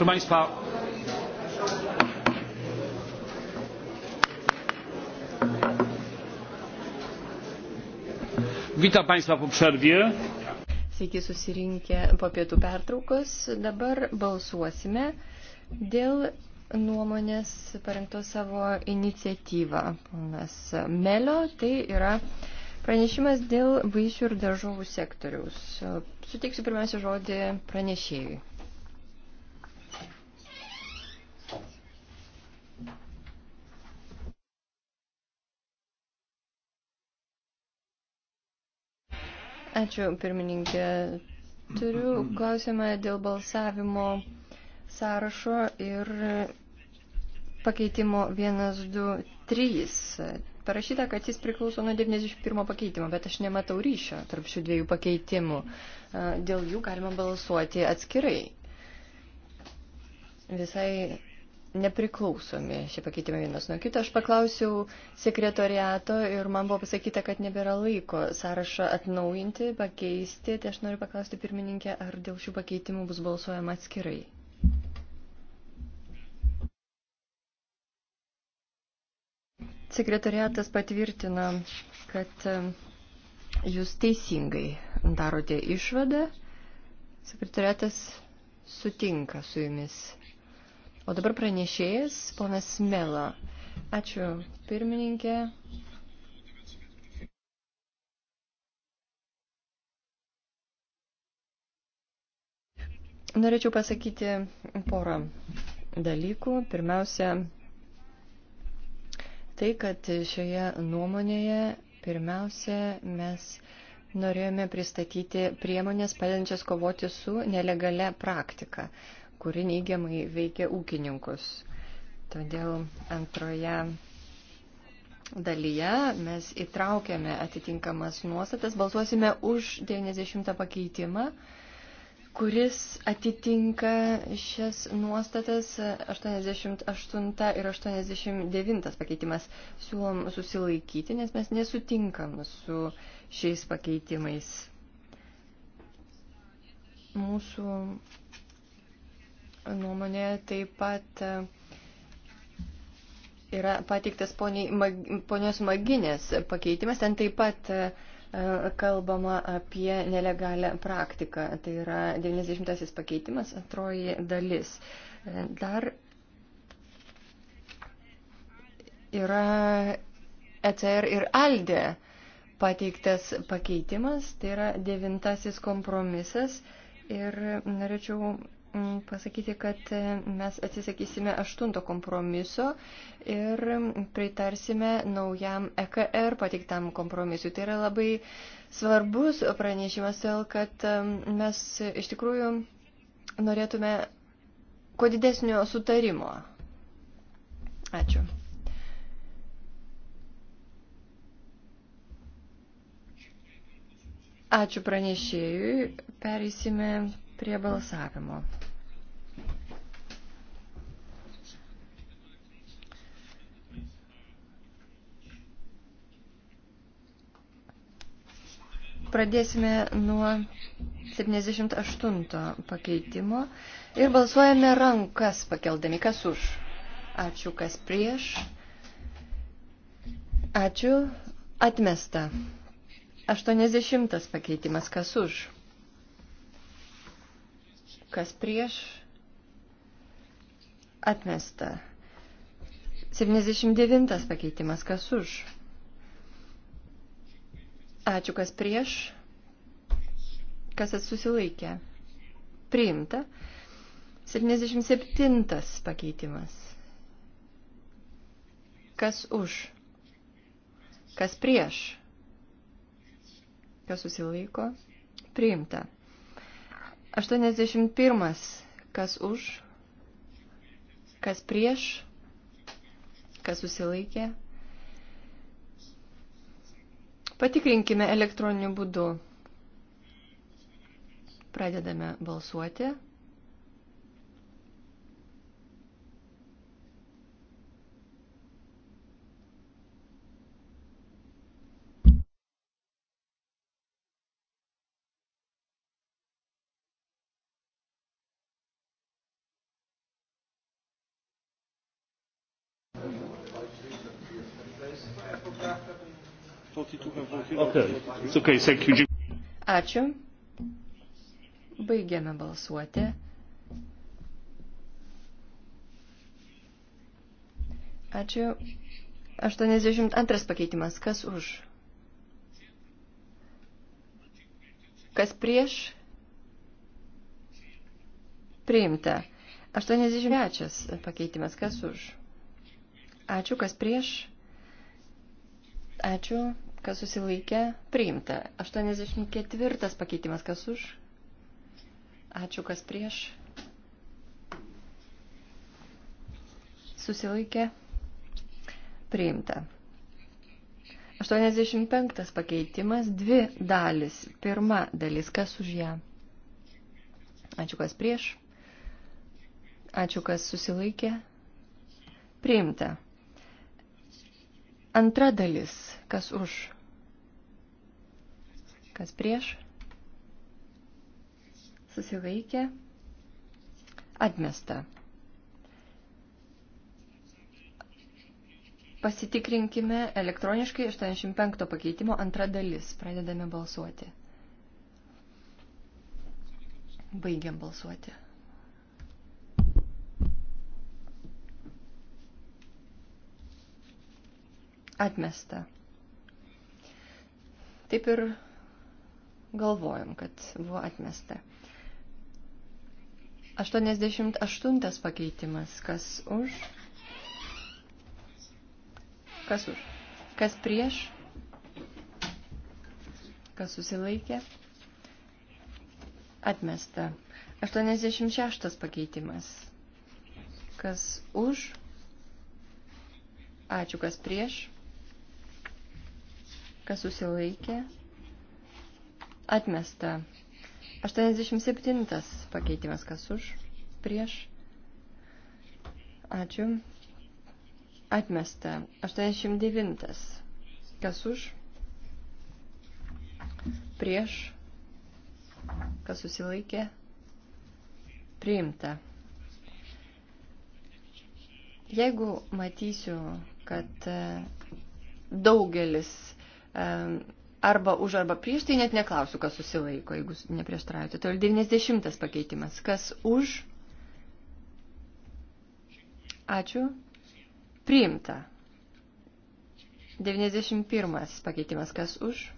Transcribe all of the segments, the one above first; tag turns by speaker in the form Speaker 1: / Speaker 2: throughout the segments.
Speaker 1: proszę państwa witam państwa po przerwie
Speaker 2: Sveiki susirinkę po pietų pertraukos. Dabar balsuosime dėl nuomonės parengtos savo iniciatyvą. Ponas Melio, tai yra pranešimas dėl vaisių ir daržovų sektoriaus. Suteiksiu pirmiausia žodį pranešėjui. Ačiū, pirmininkė. Turiu klausimą dėl balsavimo sąrašo ir pakeitimo 1, 2, 3 parašyta, kad jis priklauso nuo 91 pakeitimo, bet aš nematau ryšio tarp šių dviejų pakeitimų. Dėl jų galima balsuoti atskirai. Visai nepriklausomi šie pakeitimai vienas nuo kito. Aš paklausiau sekretoriato ir man buvo pasakyta, kad nebėra laiko sąrašą atnaujinti, pakeisti. Tai aš noriu paklausti pirmininkę, ar dėl šių pakeitimų bus balsuojama atskirai. Sekretoriatas patvirtino, kad jūs teisingai darote išvadą. Sekretoriatas sutinka su jumis O dabar pranešėjas, ponas Mela. Ačiū, pirmininkė. Norėčiau pasakyti porą dalykų. Pirmiausia, tai, kad šioje nuomonėje pirmiausia mes norėjome pristatyti priemonės padedančias kovoti su nelegale praktika kuri neigiamai veikia ūkininkus. Todėl antroje dalyje mes įtraukėme atitinkamas nuostatas, balsuosime už 90 pakeitimą, kuris atitinka šias nuostatas 88 ir 89 pakeitimas. Siūlom susilaikyti, nes mes nesutinkam su šiais pakeitimais. Mūsų nuomonė taip pat e, yra pateiktas ponios Maginės pakeitimas. Ten taip pat e, kalbama apie nelegalią praktiką. Tai yra 90-asis pakeitimas, antroji dalis. E, dar yra ECR ir ALDE pateiktas pakeitimas, tai yra devintasis kompromisas. Ir norėčiau pasakyti, kad e, mes atsisakysime aštunto kompromiso ir pritarsime naujam EKR pateiktam kompromisui. Tai yra labai svarbus pranešimas, dėl kad e, mes iš tikrųjų norėtume kuo didesnio sutarimo. Ačiū. Ačiū pranešėjui. Perėsime prie balsavimo. Pradėsime nuo 78 pakeitimo ir balsuojame rankas pakeldami, kas už. Ačiū, kas prieš. Ačiū, atmesta. 80 pakeitimas, kas už kas prieš, atmesta. 79 pakeitimas, kas už. Ačiū, kas prieš, kas susilaikė. Priimta. 77 pakeitimas. Kas už? Kas prieš? Kas susilaiko? Priimta. 81. Kas už, kas prieš, kas susilaikė. Patikrinkime elektroniniu būdu. Pradedame balsuoti. Ačiū. Baigiame balsuoti. Ačiū. 82 pakeitimas. Kas už? Kas prieš? Priimta. 83 pakeitimas. Kas už? Ačiū. Kas prieš? Ačiū, kas susilaikė, priimta. 84 pakeitimas, kas už. Ačiū, kas prieš. Susilaikė, priimta. 85 pakeitimas, dvi dalis. Pirma dalis, kas už ją. Ačiū, kas prieš. Ačiū, kas susilaikė. Priimta. Antra dalis. Kas už? Kas prieš? Susilaikė. Atmesta. Pasitikrinkime elektroniškai 85 pakeitimo antra dalis. Pradedame balsuoti. Baigiam balsuoti. atmesta. Taip ir galvojom, kad buvo atmesta. 88 pakeitimas. Kas už? Kas už? Kas prieš? Kas susilaikė? Atmesta. 86 pakeitimas. Kas už? Ačiū, kas prieš? kas susilaikė, atmesta. 87 pakeitimas, kas už, prieš, ačiū, atmesta. 89, kas už, prieš, kas susilaikė, priimta. Jeigu matysiu, kad daugelis arba už arba prieš, tai net neklausiu, kas susilaiko, jeigu neprieštaraujate. Tai 90 pakeitimas. Kas už? Ačiū. Priimta. 91 pakeitimas. Kas už?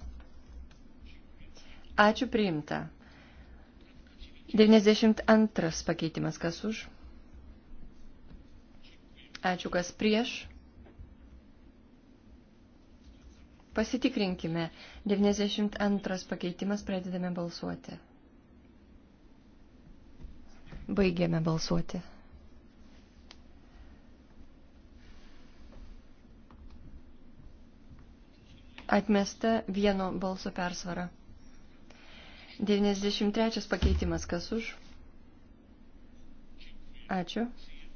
Speaker 2: Ačiū. Priimta. 92 pakeitimas. Kas už? Ačiū. Kas prieš? Pasitikrinkime. 92 pakeitimas pradedame balsuoti. Baigiame balsuoti. Atmesta vieno balso persvara. 93 pakeitimas kas už? Ačiū.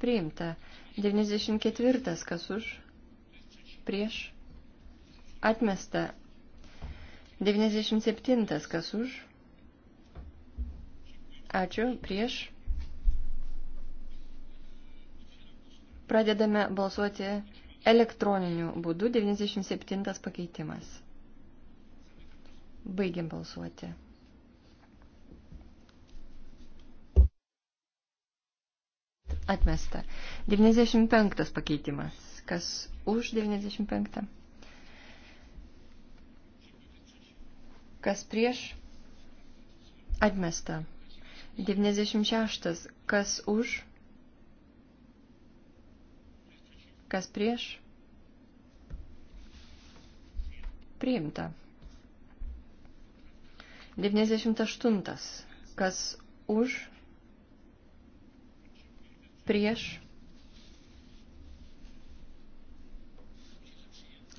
Speaker 2: Priimta. 94 kas už? Prieš Atmesta. 97. Kas už? Ačiū. Prieš. Pradedame balsuoti elektroniniu būdu. 97. pakeitimas. Baigiam balsuoti. Atmesta. 95 pakeitimas. Kas už 95? Kas prieš? Atmesta. 96. Kas už? Kas prieš? Priimta. 98. Kas už? Prieš?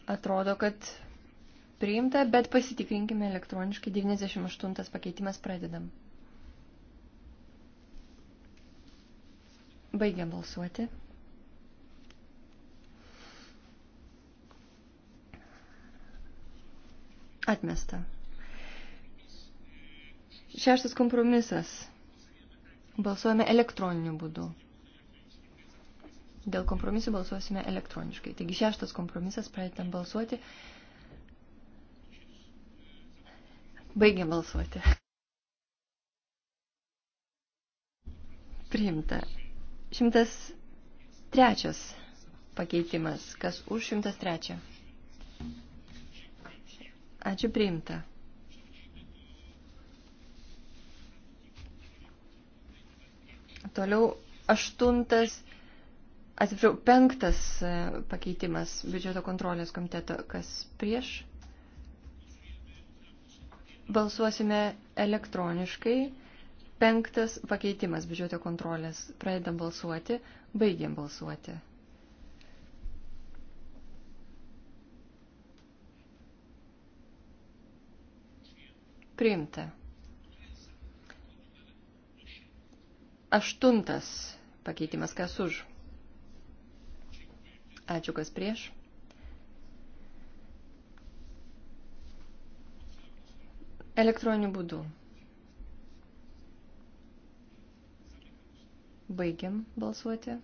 Speaker 2: Atrodo, kad priimta, bet pasitikrinkime elektroniškai. 98 pakeitimas pradedam. Baigiam balsuoti. Atmesta. Šeštas kompromisas. Balsuojame elektroniniu būdu. Dėl kompromisų balsuosime elektroniškai. Taigi šeštas kompromisas, pradedam balsuoti. Balsuoti.
Speaker 1: Baigiam balsuoti.
Speaker 2: Priimta. 103 pakeitimas. Kas už 103? Ačiū priimta. Toliau aštuntas, atsiprašau, penktas e, pakeitimas biudžeto kontrolės komiteto. Kas prieš? Balsuosime elektroniškai. Penktas pakeitimas biudžeto kontrolės. Pradedam balsuoti, baigiam balsuoti. Priimta. Aštuntas pakeitimas, kas už. Ačiū, kas prieš. elektroniniu būdu. Baigiam balsuoti.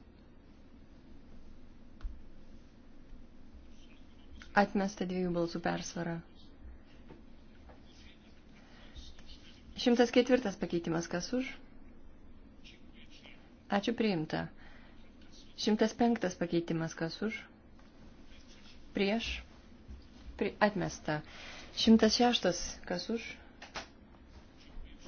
Speaker 2: Atmesta dviejų balsų persvara. 104 pakeitimas kas už? Ačiū priimta. 105 pakeitimas kas už? Prieš? Pri, atmesta. 106 kas už?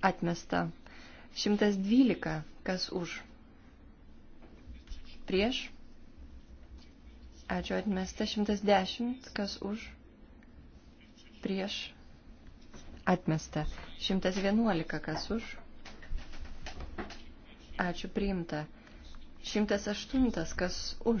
Speaker 2: Atmesta. 112. Kas už? Prieš. Ačiū atmesta. 110. Kas už? Prieš. Atmesta. 111. Kas už? Ačiū priimta. 108. Kas už?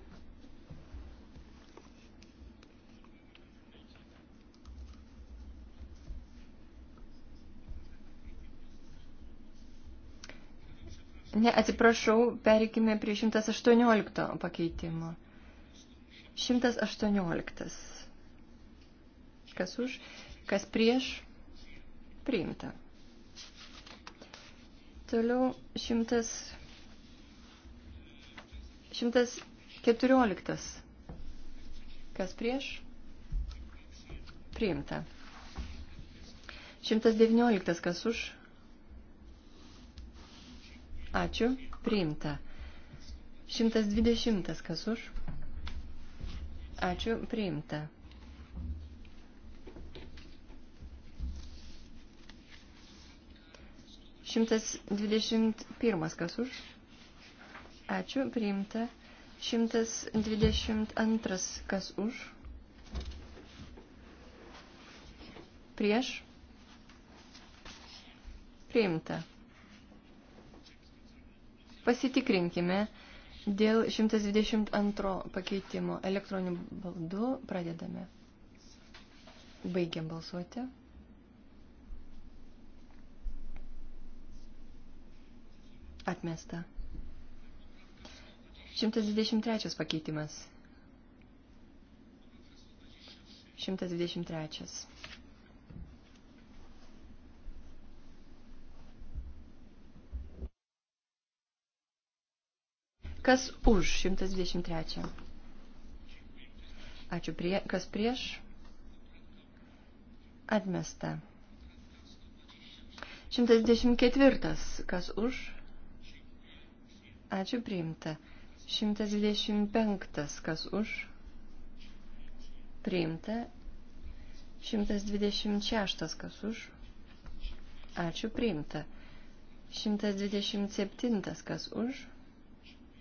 Speaker 2: Ne, atsiprašau, pereikime prie 118 pakeitimo. 118. Kas už, kas prieš, priimta. Toliau 100, 114. Kas prieš, priimta. 119. Kas už, Ačiū. Priimta. 120. Kas už? Ačiū. Priimta. Šimtas dvidešimt pirmas kas už? Ačiū, priimta. Šimtas dvidešimt antras kas už? Prieš? Priimta. Pasitikrinkime dėl 122 pakeitimo elektroniniu baldu. Pradedame. Baigiam balsuoti. Atmesta. 123 pakeitimas. 123. Kas už 123? Ačiū. Prie, kas prieš? Atmesta. 124. Kas už? Ačiū priimta. 125. Kas už? Priimta. 126. Kas už? Ačiū priimta. 127. Kas už?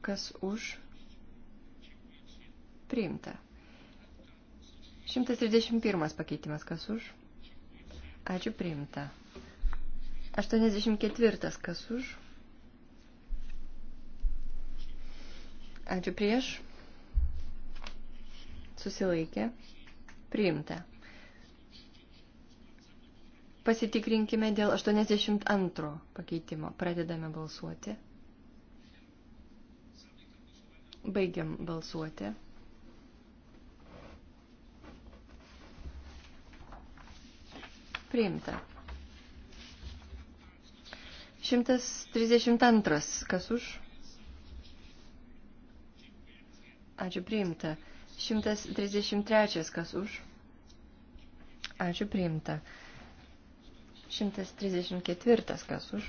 Speaker 2: kas už priimta. 131 pakeitimas, kas už ačiū priimta. 84 kas už ačiū prieš susilaikė priimta. Pasitikrinkime dėl 82 pakeitimo. Pradedame balsuoti. Baigiam balsuoti. Priimta. 132. Kas už? Ačiū priimta. 133. Kas už? Ačiū priimta. 134. Kas už?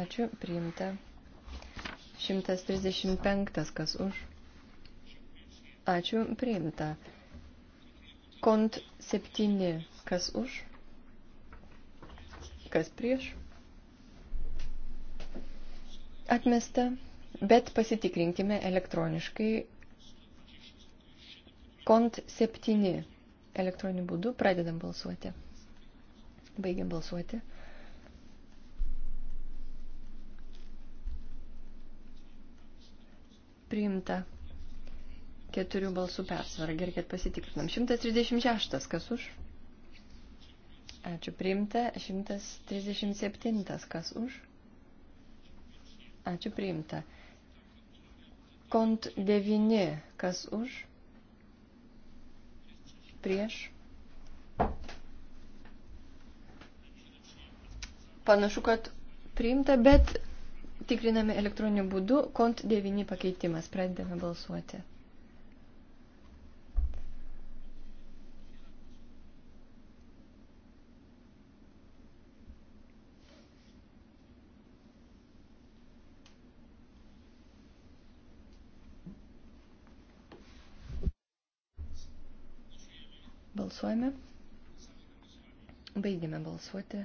Speaker 2: Ačiū priimta. 135 kas už. Ačiū, priimta. Kont 7 kas už. Kas prieš. Atmesta, bet pasitikrinkime elektroniškai. Kont 7 elektroniniu būdu pradedam balsuoti. Baigiam balsuoti. priimta keturių balsų persvarą. Gerai, kad pasitikrinam. 136, kas už? Ačiū, priimta. 137, kas už? Ačiū, priimta. Kont 9, kas už? Prieš. Panašu, kad priimta, bet Tikriname elektroniniu būdu, kont 9 pakeitimas, pradedame balsuoti. Balsuojame. Baigime balsuoti.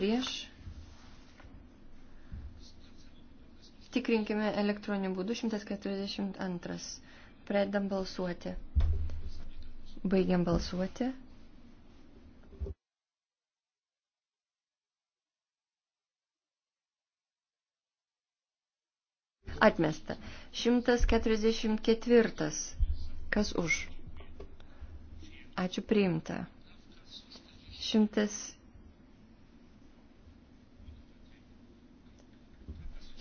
Speaker 2: prieš. Tikrinkime elektroniniu būdu 142. Pradedam balsuoti. Baigiam balsuoti. Atmesta. 144. Kas už? Ačiū priimta. 100.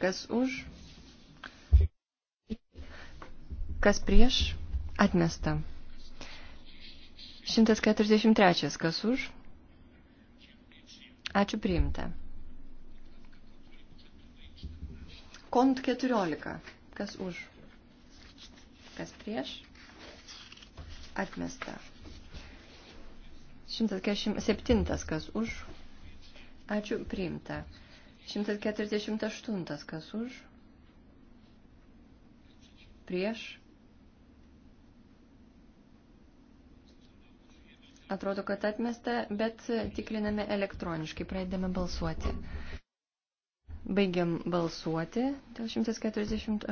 Speaker 2: Kas už? Kas prieš? Atmesta. 143. Kas už? Ačiū priimta. Kont 14. Kas už? Kas prieš? Atmesta. 147. Kas už? Ačiū priimta. 148. Kas už? Prieš? Atrodo, kad atmesta, bet tikriname elektroniškai, pradedame balsuoti. Baigiam balsuoti dėl 148.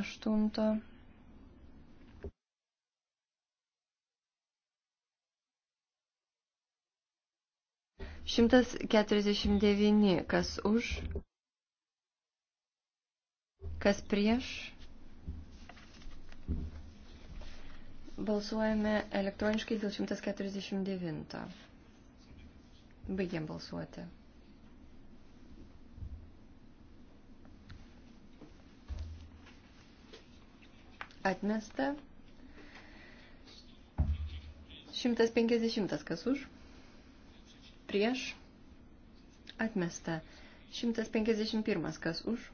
Speaker 2: Šimtas keturiasdešimt devyni, kas už? Kas prieš? Balsuojame elektroniškai dėl 149. Baigiam balsuoti. Atmesta. 150 kas už. Prieš. Atmesta. 151 kas už.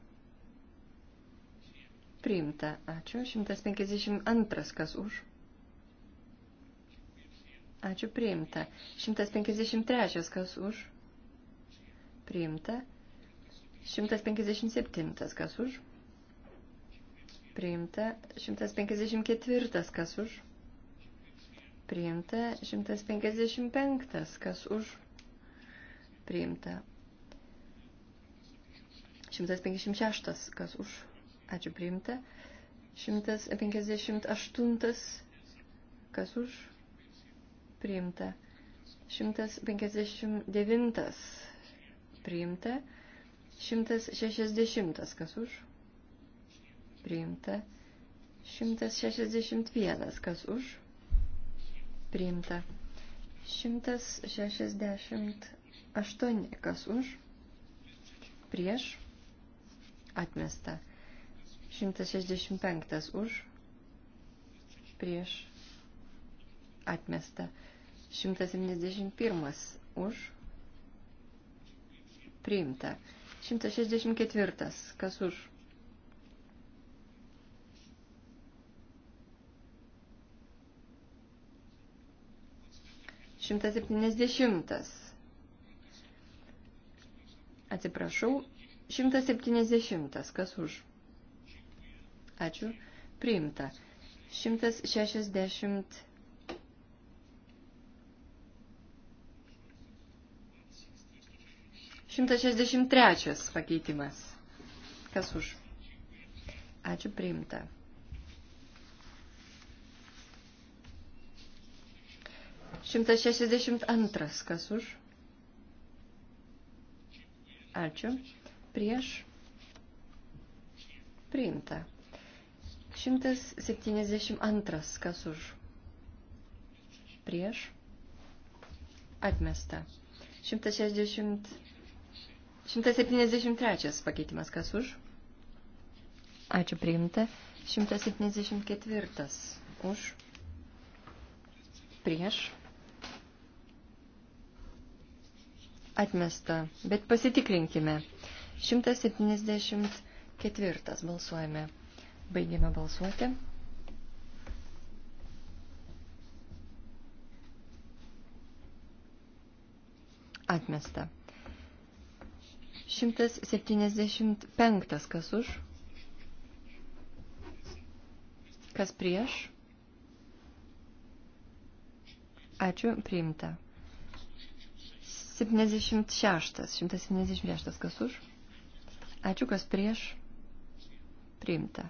Speaker 2: Priimta. Ačiū. 152. Kas už? Ačiū. Priimta. 153. Kas už? Priimta. 157. Kas už? Priimta. 154. Kas už? Priimta. 155. Kas už? Priimta. 156. Kas už? Ačiū priimta. 158. Kas už? Priimta. 159. Priimta. 160. Kas už? Priimta. 161. Kas už? Priimta. 168. Kas už? Prieš? Atmesta. 165 už, prieš, atmesta. 171 už, priimta. 164, kas už. Šimtas septyniasdešimtas. Atsiprašau, šimtas septyniasdešimtas, kas už. Ačiū. Priimta. 160. Šimtas šešdešimt trečias pakeitimas. Kas už? Ačiū priimta. Šimtas šešdešimt antras. Kas už? Ačiū. Prieš. Priimta. 172. Kas už? Prieš? Atmesta. 160. 173 pakeitimas. Kas už? Ačiū priimta. 174. Už? Prieš? Atmesta. Bet pasitikrinkime. 174 balsuojame. Baigėme balsuoti. Atmesta. 175 kas už, kas prieš. Ačiū, priimta. 76, 176 kas už. Ačiū, kas prieš. Priimta.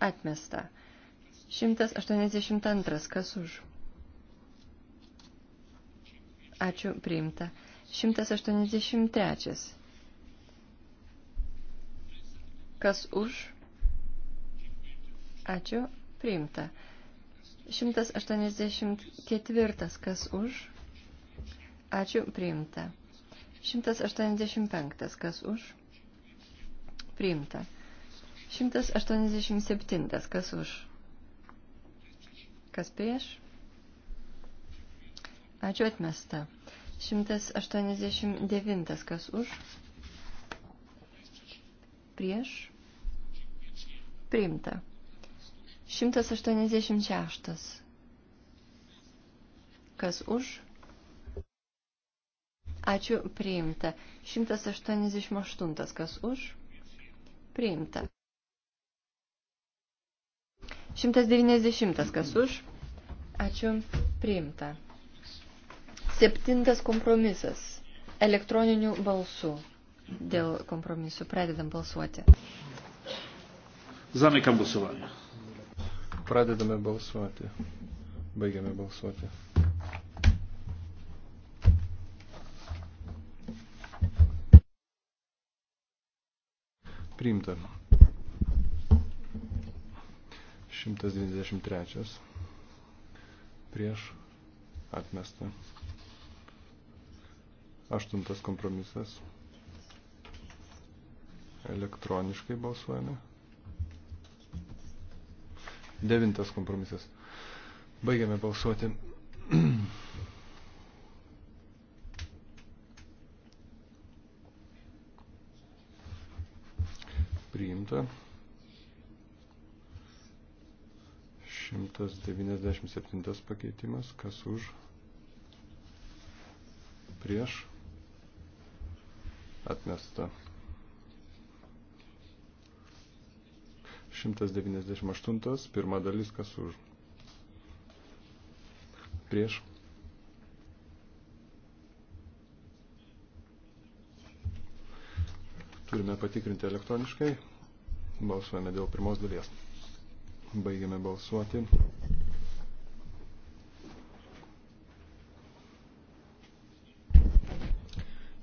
Speaker 2: Atmesta. 182. Kas už? Ačiū, priimta. 183. Kas už? Ačiū, priimta. 184. Kas už? Ačiū, priimta. 185. Kas už? Priimta. 187. Kas už? Kas prieš? Ačiū atmesta. 189. Kas už? Prieš? Priimta. 186. Kas už? Ačiū, priimta. 188. Kas už? Priimta. 190 kas už. Ačiū. Priimta. Septintas kompromisas. Elektroninių balsų. Dėl kompromisų pradedam balsuoti.
Speaker 1: Zamykam balsuojame.
Speaker 3: Pradedame balsuoti. Baigiame balsuoti. Priimta. 123 prieš atmestą. Aštuntas kompromisas. Elektroniškai balsuojame. Devintas kompromisas. Baigiame balsuoti. Priimta. 197 pakeitimas, kas už, prieš, atmesta. 198, pirma dalis, kas už, prieš. Turime patikrinti elektroniškai. Balsuojame dėl pirmos dalies. Baigiame balsuoti.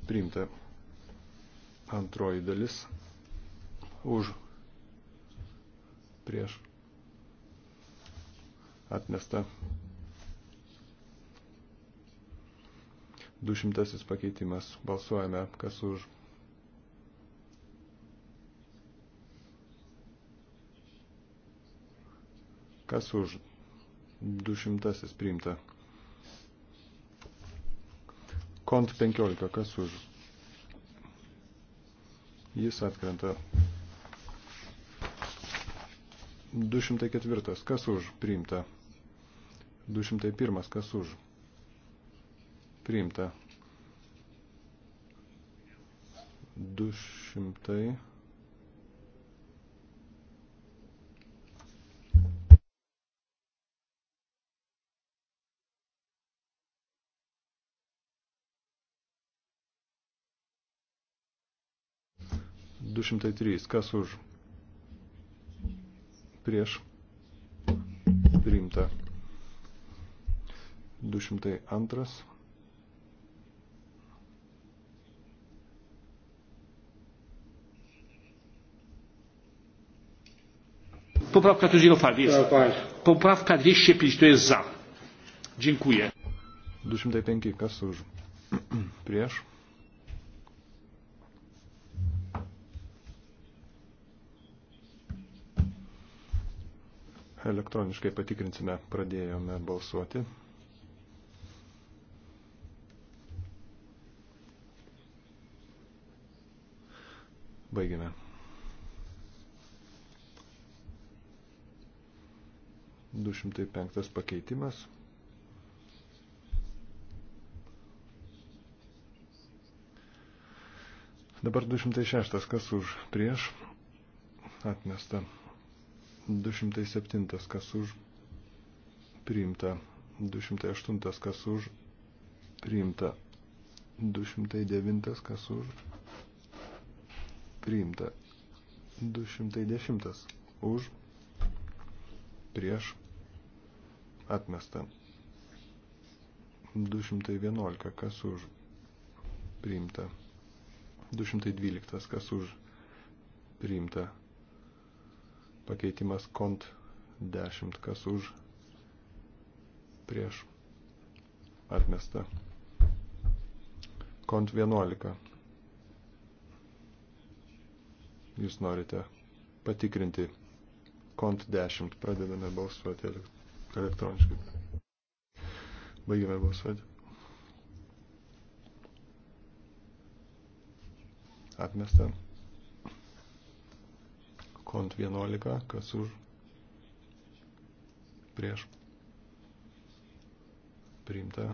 Speaker 3: Priimta antroji dalis už prieš atmesta 200 pakeitimas. Balsuojame, kas už Kas už 200 priimta? Kont 15. Kas už? Jis atkrenta. 204. Kas už priimta? 201. Kas už priimta? 200. 203. Kas už? Prieš. Priimta. 202.
Speaker 1: Poprawka Tuzinowa jest. Poprawka 205 to jest za. Dziękuję.
Speaker 3: 205 kas už prieš Elektroniškai patikrinsime, pradėjome balsuoti. Baigime. Du šimtai penktas pakeitimas. Dabar 206, kas už prieš atmesta. 207 kas už priimta, 208 kas už priimta, 209 kas už priimta, 210 už prieš atmestą. 211 kas už priimta. 212 kas už priimta. Pakeitimas kont 10, kas už prieš atmesta. Kont 11. Jūs norite patikrinti kont 10. Pradedame balsuoti elektroniškai. Baigime balsuoti. Atmesta kont 11, kas už, prieš, priimta,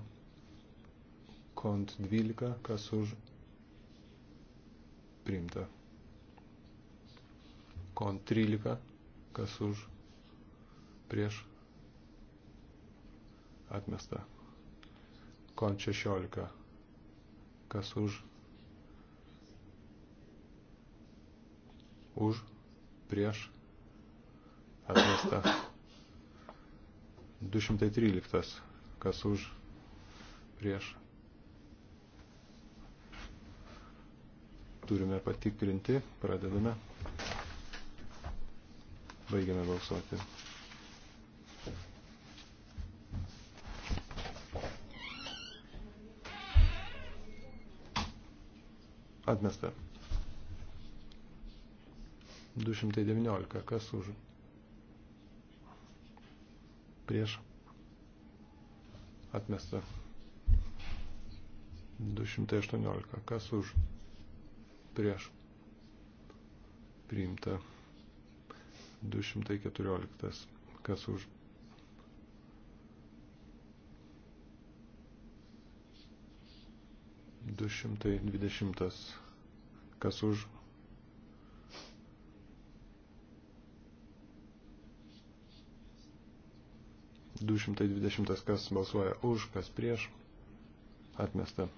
Speaker 3: kont 12, kas už, priimta, kont 13, kas už, prieš, atmesta, kont 16, kas už, už, prieš atmesta 213, kas už prieš. Turime patikrinti, pradedame, baigiame balsuoti. Atmesta. 219. Kas už? Prieš. Atmesta. 218. Kas už? Prieš. Priimta. 214. Kas už? Du šimtai dvidešimtas. Kas už? 220, kas balsuoja už, kas prieš, atmesta.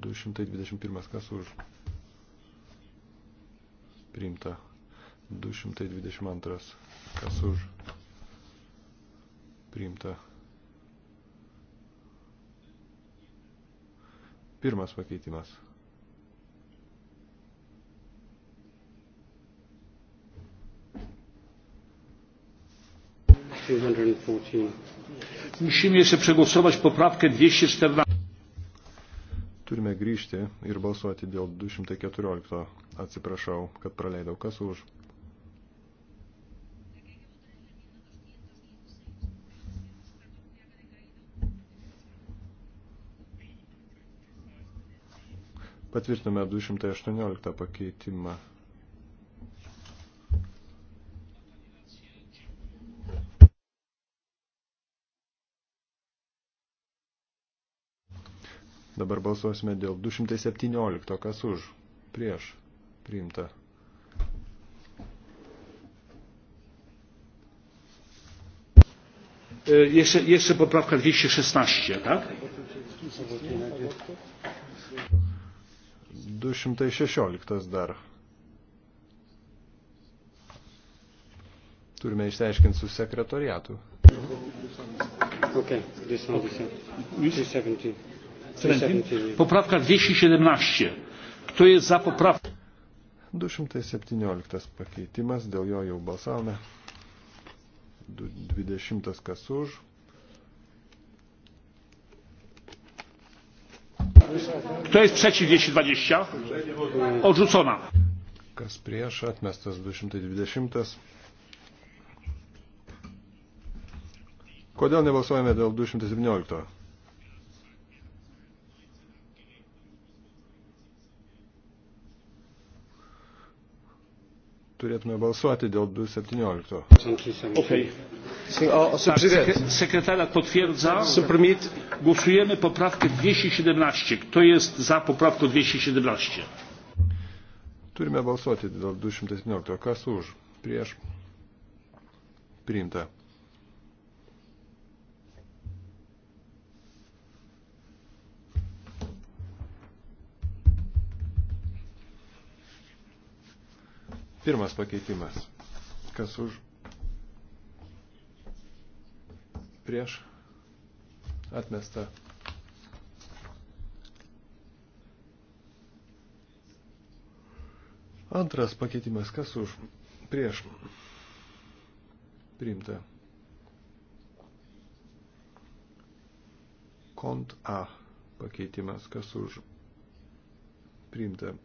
Speaker 3: 221, kas už, priimta. 222, kas už, priimta. Pirmas pakeitimas.
Speaker 1: 214. Musimy jeszcze przegłosować poprawkę
Speaker 3: 214. Turime grįžti ir balsuoti dėl 214. Atsiprašau, kad praleidau. Kas už? Patvirtiname 218 pakeitimą. Dabar balsuosime dėl 217. Kas už?
Speaker 1: Prieš. Priimta. E, jeszcze, jeszcze poprawka 216, tak?
Speaker 3: 216 dar. Turime išsiaiškinti su sekretoriatu. Okay,
Speaker 1: 217. Poprawka 217. Kto
Speaker 3: jest za poprawką? 217 pakeitimas, dėl jo jau balsavome. 20 kas už.
Speaker 1: Kto jest przeciw 220? Odrzucona.
Speaker 3: Kas prieš, atmestas 220. Kodėl nebalsuojame dėl 217? turėtume balsuoti dėl 217.
Speaker 1: Okay. Sekretariat potwierdza. Głosujemy poprawkę 217. Kto jest za poprawką 217?
Speaker 3: Turime balsuoti dėl 217. Kas už? Prieš? Priimta. Pirmas pakeitimas. Kas už? Prieš atmesta. Antras pakeitimas. Kas už? Prieš priimta. Kont A pakeitimas. Kas už priimta.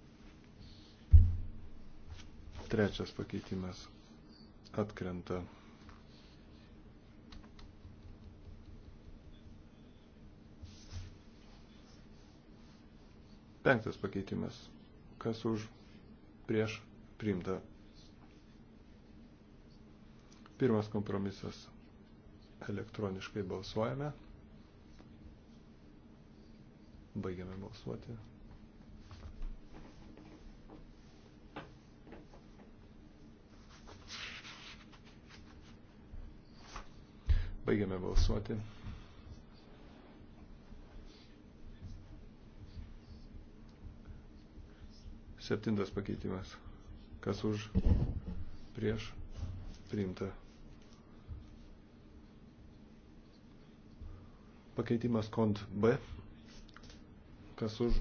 Speaker 3: Trečias pakeitimas atkrenta. Penktas pakeitimas. Kas už prieš priimta. Pirmas kompromisas. Elektroniškai balsuojame. Baigiame balsuoti. Baigiame balsuoti. Septintas pakeitimas. Kas už prieš priimta. Pakeitimas kont B. Kas už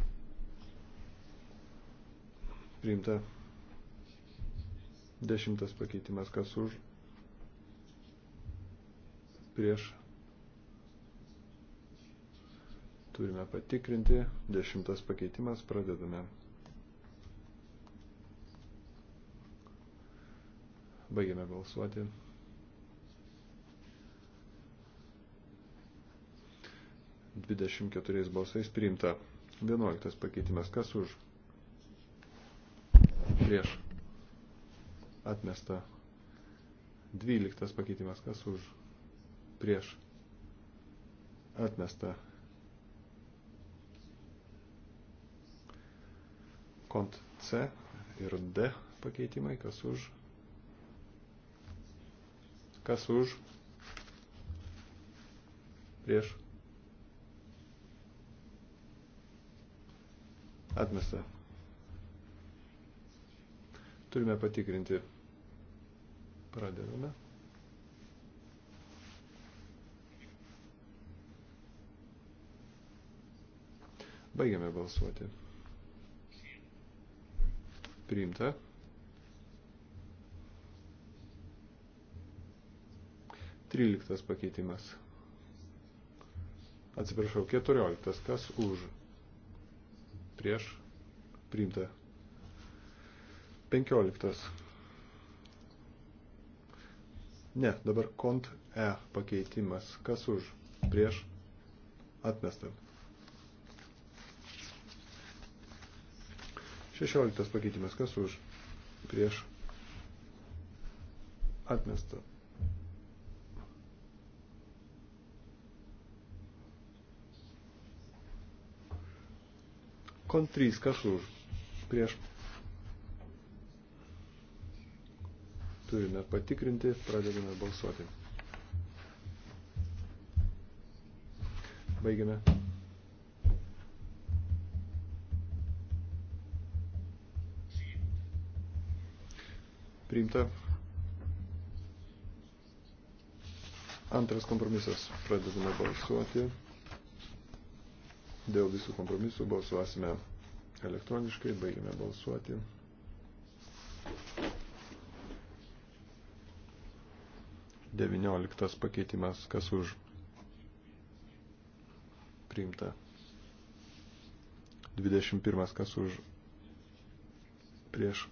Speaker 3: priimta. Dešimtas pakeitimas. Kas už prieš. Turime patikrinti. Dešimtas pakeitimas. Pradedame. Baigiame balsuoti. Dvidešimt keturiais balsais priimta. Vienuoliktas pakeitimas. Kas už? Prieš. Atmesta. Dvyliktas pakeitimas. Kas už? prieš atmesta. Kont C ir D pakeitimai, kas už, kas už, prieš atmesta. Turime patikrinti. Pradedame. Baigiame balsuoti. Priimta. Tryliktas pakeitimas. Atsiprašau, keturioliktas. Kas už? Prieš. Priimta. Penkioliktas. Ne, dabar kont E pakeitimas. Kas už? Prieš. Atmestam. 16 pakeitimas. Kas už? Prieš. Atmesta. Kon 3. Kas už? Prieš. Turime patikrinti. Pradedame balsuoti. Baigiame. priimta. Antras kompromisas. Pradedame balsuoti. Dėl visų kompromisų balsuosime elektroniškai, baigime balsuoti. Devinioliktas pakeitimas, kas už priimta. Dvidešimt pirmas, kas už prieš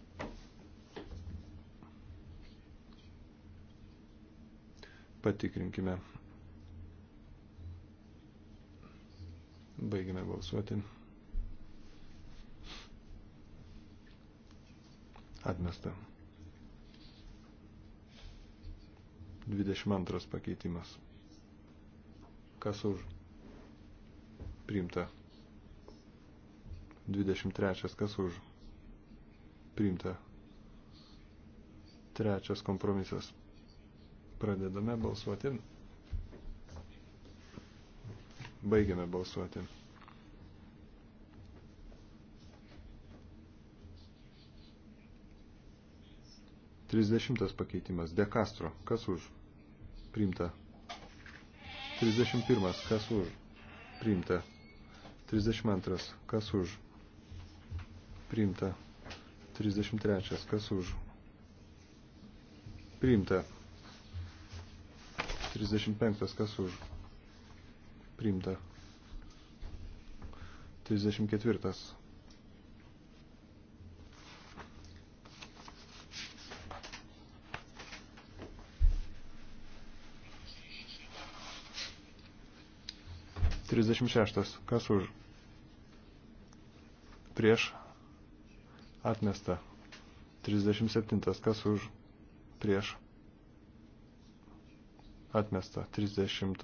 Speaker 3: Patikrinkime. Baigime balsuoti. Atmesta. 22 pakeitimas. Kas už? Priimta. 23. Kas už? Priimta. Trečias kompromisas. Pradedame balsuoti. Baigiame balsuoti. Trisdešimtas pakeitimas. De Castro. Kas už? Priimta. Trisdešimt pirmas. Kas už? Priimta. Trisdešimt antras. Kas už? Priimta. Trisdešimt trečias. Kas už? Priimta. 35. Kas už? Priimta. 34. Trisdešimt šeštas. Kas už? Prieš. Atmesta. Trisdešimt septintas. Kas už? Prieš atmesta. 38.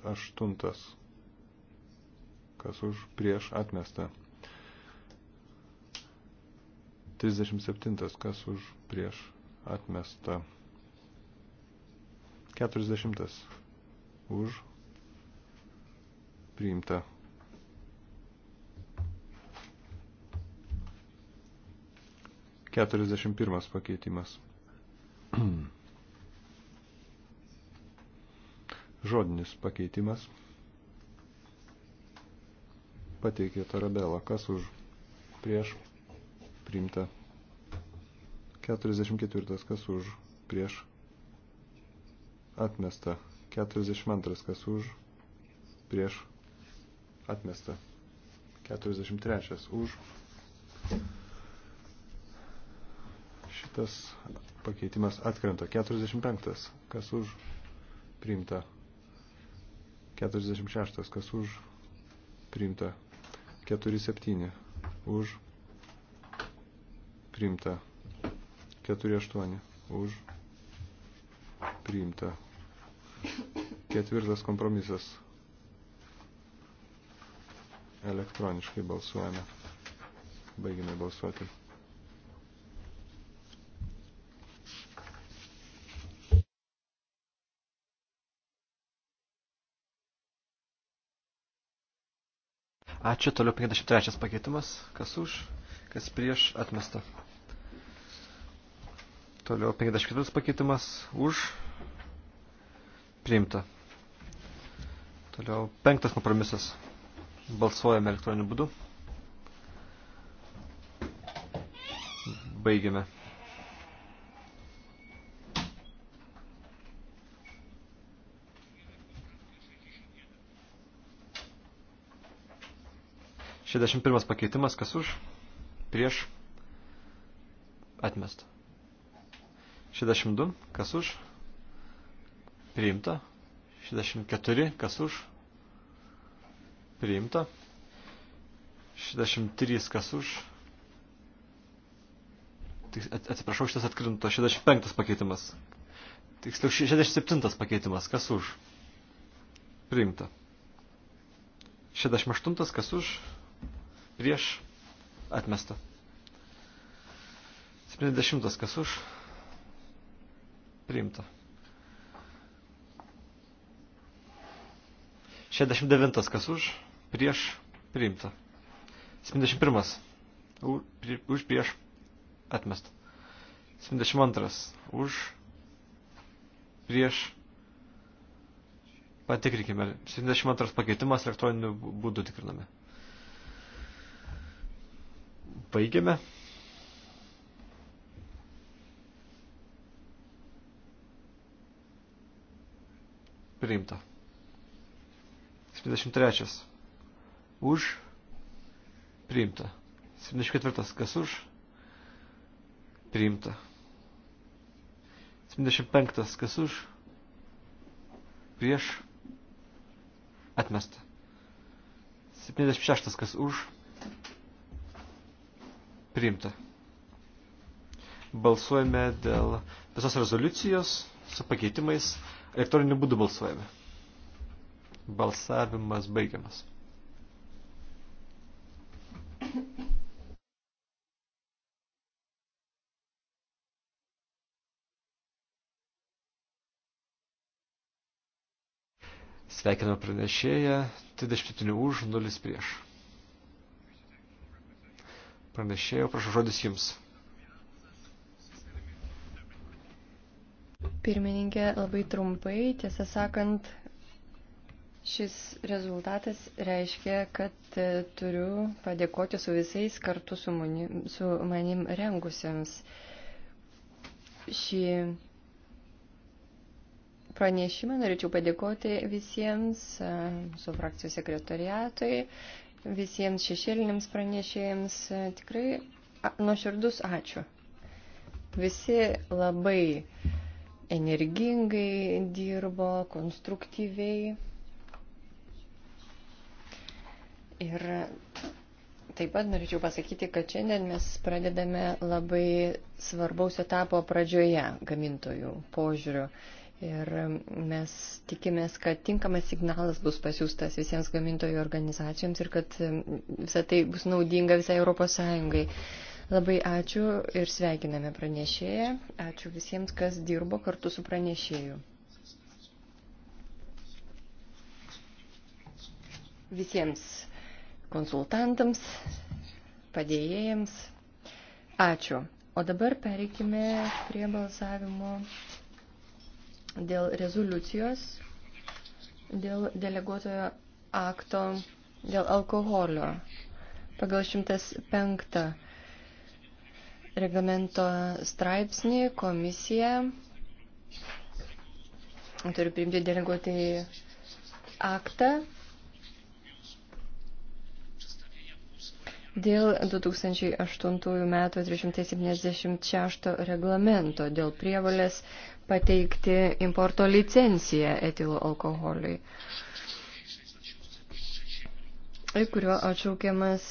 Speaker 3: Kas už prieš atmesta. 37. Kas už prieš atmesta. 40. Už priimta. 41 pakeitimas. Žodinis pakeitimas. Pateikė Tarabelą. Kas už? Prieš. Priimta. 44. Kas už? Prieš. Atmesta. 42. Kas už? Prieš. Atmesta. 43. Už šitas pakeitimas atkrenta. 45. Kas už priimta. 46. Kas už? Priimta. 47. Už. Priimta. 48. Už. Priimta. Ketvirtas kompromisas. Elektroniškai balsuojame. Baigime balsuoti.
Speaker 4: Ačiū, toliau 53 pakeitimas. Kas už, kas prieš, atmesta. Toliau 54 pakeitimas už, priimta. Toliau penktas kompromisas. Balsuojame elektroniniu būdu. Baigiame. 61 pakeitimas, kas už, prieš, atmesta. 62, kas už, priimta. 64, kas už, priimta. 63, kas už, atsiprašau, šitas atkrinto, 65 pakeitimas. Tiksliau, 67 pakeitimas, kas už, priimta. 68, kas už, priimta prieš atmestą. 70 kas už priimta. 69 kas už prieš priimta. 71 už prieš atmestą. 72 už prieš patikrinkime. 72 pakeitimas elektroniniu būdu tikriname. Baigėme. Priimta. 73. Už. Priimta. 74. Kas už? Priimta. 75. Kas už? Prieš. Atmesta. 76. Kas už? priimta. Balsuojame dėl visos rezoliucijos su pakeitimais. Elektroniniu būdu balsuojame. Balsavimas baigiamas. Sveikiname pranešėją 37 už 0 prieš pranešėjo, prašau žodis jums.
Speaker 2: Pirmininkė, labai trumpai, tiesą sakant, šis rezultatas reiškia, kad e, turiu padėkoti su visais kartu su manim, su manim rengusiems šį pranešimą norėčiau padėkoti visiems e, su frakcijų sekretoriatui visiems šešėliniams pranešėjams. E, tikrai nuoširdus ačiū. Visi labai energingai dirbo, konstruktyviai. Ir taip pat norėčiau pasakyti, kad šiandien mes pradedame labai svarbaus etapo pradžioje gamintojų požiūrių Ir mes tikimės, kad tinkamas signalas bus pasiūstas visiems gamintojų organizacijoms ir kad visa tai bus naudinga visai Europos Sąjungai. Labai ačiū ir sveikiname pranešėją. Ačiū visiems, kas dirbo kartu su pranešėju. Visiems konsultantams, padėjėjams. Ačiū. O dabar pereikime prie balsavimo dėl rezoliucijos, dėl deleguotojo akto, dėl alkoholio. Pagal 105 reglamento straipsnį komisija turi priimti deleguotį aktą dėl 2008 m. 376 reglamento dėl prievalės pateikti importo licenciją etilo alkoholiui, kuriuo atšaukiamas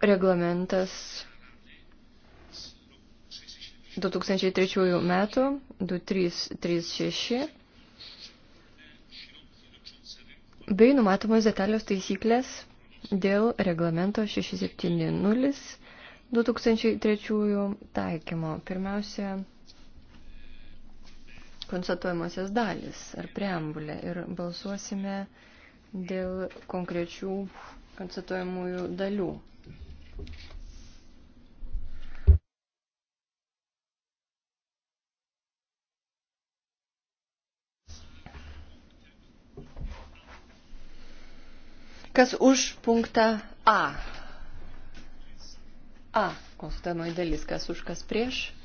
Speaker 2: reglamentas 2003 m. 2336 bei numatomos detalios taisyklės dėl reglamento 670 2003 taikymo. Pirmiausia, konstatuojamosios dalis ar preambulė ir balsuosime dėl konkrečių konstatuojamųjų dalių. Kas už punktą A? A. Konsultamoji dalis. Kas už, kas prieš?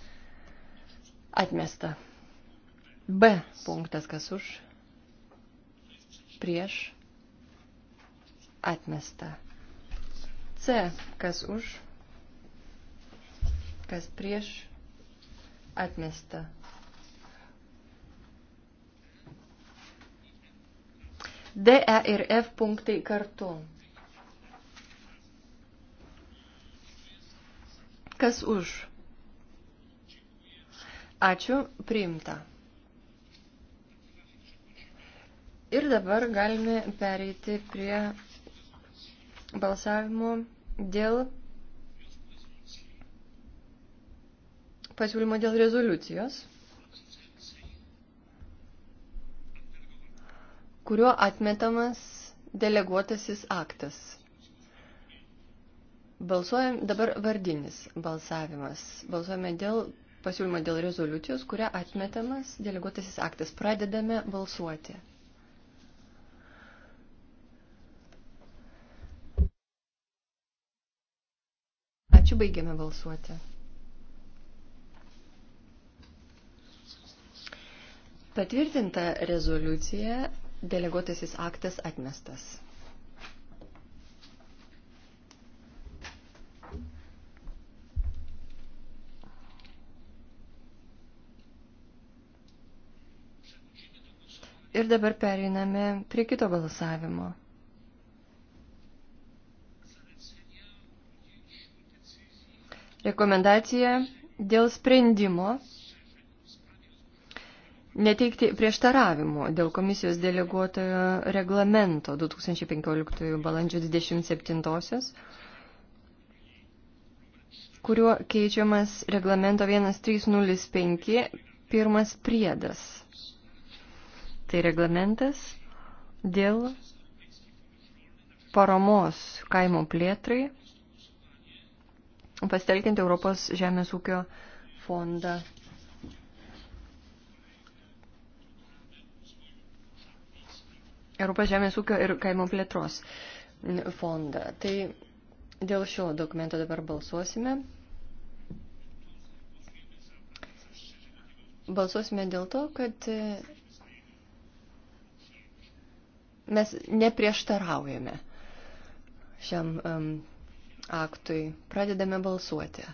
Speaker 2: Atmesta. B. Punktas. Kas už? Prieš? Atmesta. C. Kas už? Kas prieš? Atmesta. D, E ir F punktai kartu. Kas už? Ačiū, priimta. Ir dabar galime pereiti prie balsavimo dėl pasiūlymo dėl rezoliucijos. kuriuo atmetamas deleguotasis aktas. Balsuojam dabar vardinis balsavimas. Balsuojame dėl pasiūlymo dėl rezoliucijos, kuria atmetamas deleguotasis aktas. Pradedame balsuoti. Ačiū, baigiame balsuoti. Patvirtinta rezoliucija Deleguotasis aktas atmestas. Ir dabar pereiname prie kito balsavimo. Rekomendacija dėl sprendimo neteikti prieštaravimų dėl komisijos deleguotojo reglamento 2015 balandžio 27, kuriuo keičiamas reglamento 1305 pirmas priedas. Tai reglamentas dėl paramos kaimo plėtrai pasitelkiant Europos žemės ūkio fondą Europos žemės ūkio ir kaimo plėtros fondą. Tai dėl šio dokumento dabar balsuosime. Balsuosime dėl to, kad mes neprieštaraujame šiam um, aktui. Pradedame balsuoti.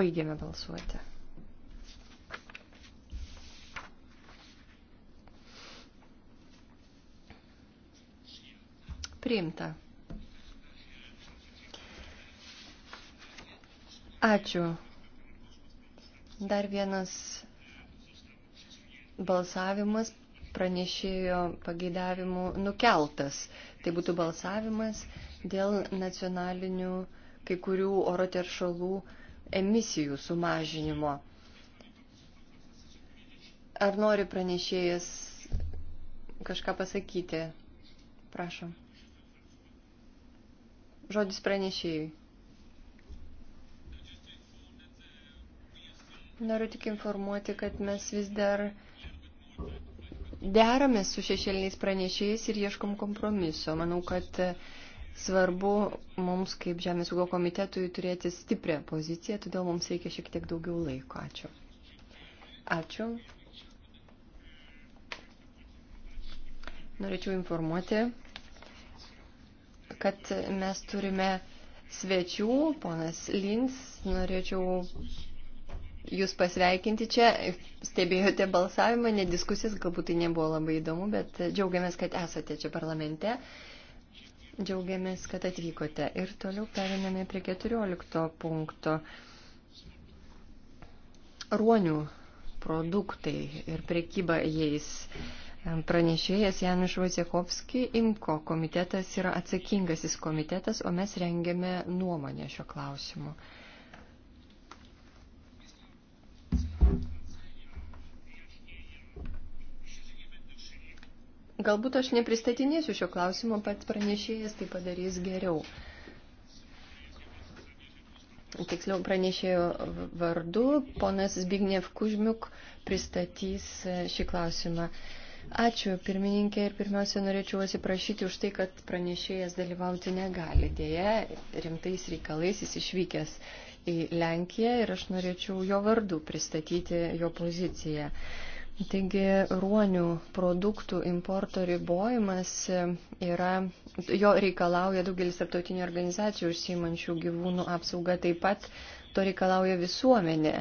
Speaker 2: Baigėme balsuoti. priimta. Ačiū. Dar vienas balsavimas pranešėjo pageidavimu nukeltas. Tai būtų balsavimas dėl nacionalinių kai kurių oro teršalų emisijų sumažinimo. Ar nori pranešėjas kažką pasakyti? Prašom. Žodis pranešėjui. Noriu tik informuoti, kad mes vis dar deramės su šešėliniais pranešėjais ir ieškom kompromiso. Manau, kad e, svarbu mums kaip Žemės ūkio komitetui turėti stiprią poziciją, todėl mums reikia šiek tiek daugiau laiko. Ačiū. Ačiū. Norėčiau informuoti, kad mes turime svečių, ponas Lins, norėčiau Jūs pasveikinti čia, stebėjote balsavimą, ne diskusijas, galbūt tai nebuvo labai įdomu, bet džiaugiamės, kad esate čia parlamente, džiaugiamės, kad atvykote. Ir toliau periname prie 14 punkto. Ruonių produktai ir prekyba jais. Pranešėjas Januš Vojcekovski, IMKO komitetas yra atsakingasis komitetas, o mes rengiame nuomonę šio klausimu. Galbūt aš nepristatinėsiu šio klausimo, pats pranešėjas tai padarys geriau. Tiksliau pranešėjo vardu, ponas Zbigniev Kužmiuk pristatys šį klausimą. Ačiū, pirmininkė, ir pirmiausia, norėčiau atsiprašyti už tai, kad pranešėjas dalyvauti negali. Dėja, rimtais reikalais jis išvykęs į Lenkiją ir aš norėčiau jo vardu pristatyti jo poziciją. Taigi ruonių produktų importo ribojimas e, yra, jo reikalauja daugelis tarptautinių organizacijų užsiimančių gyvūnų apsaugą, taip pat to reikalauja visuomenė.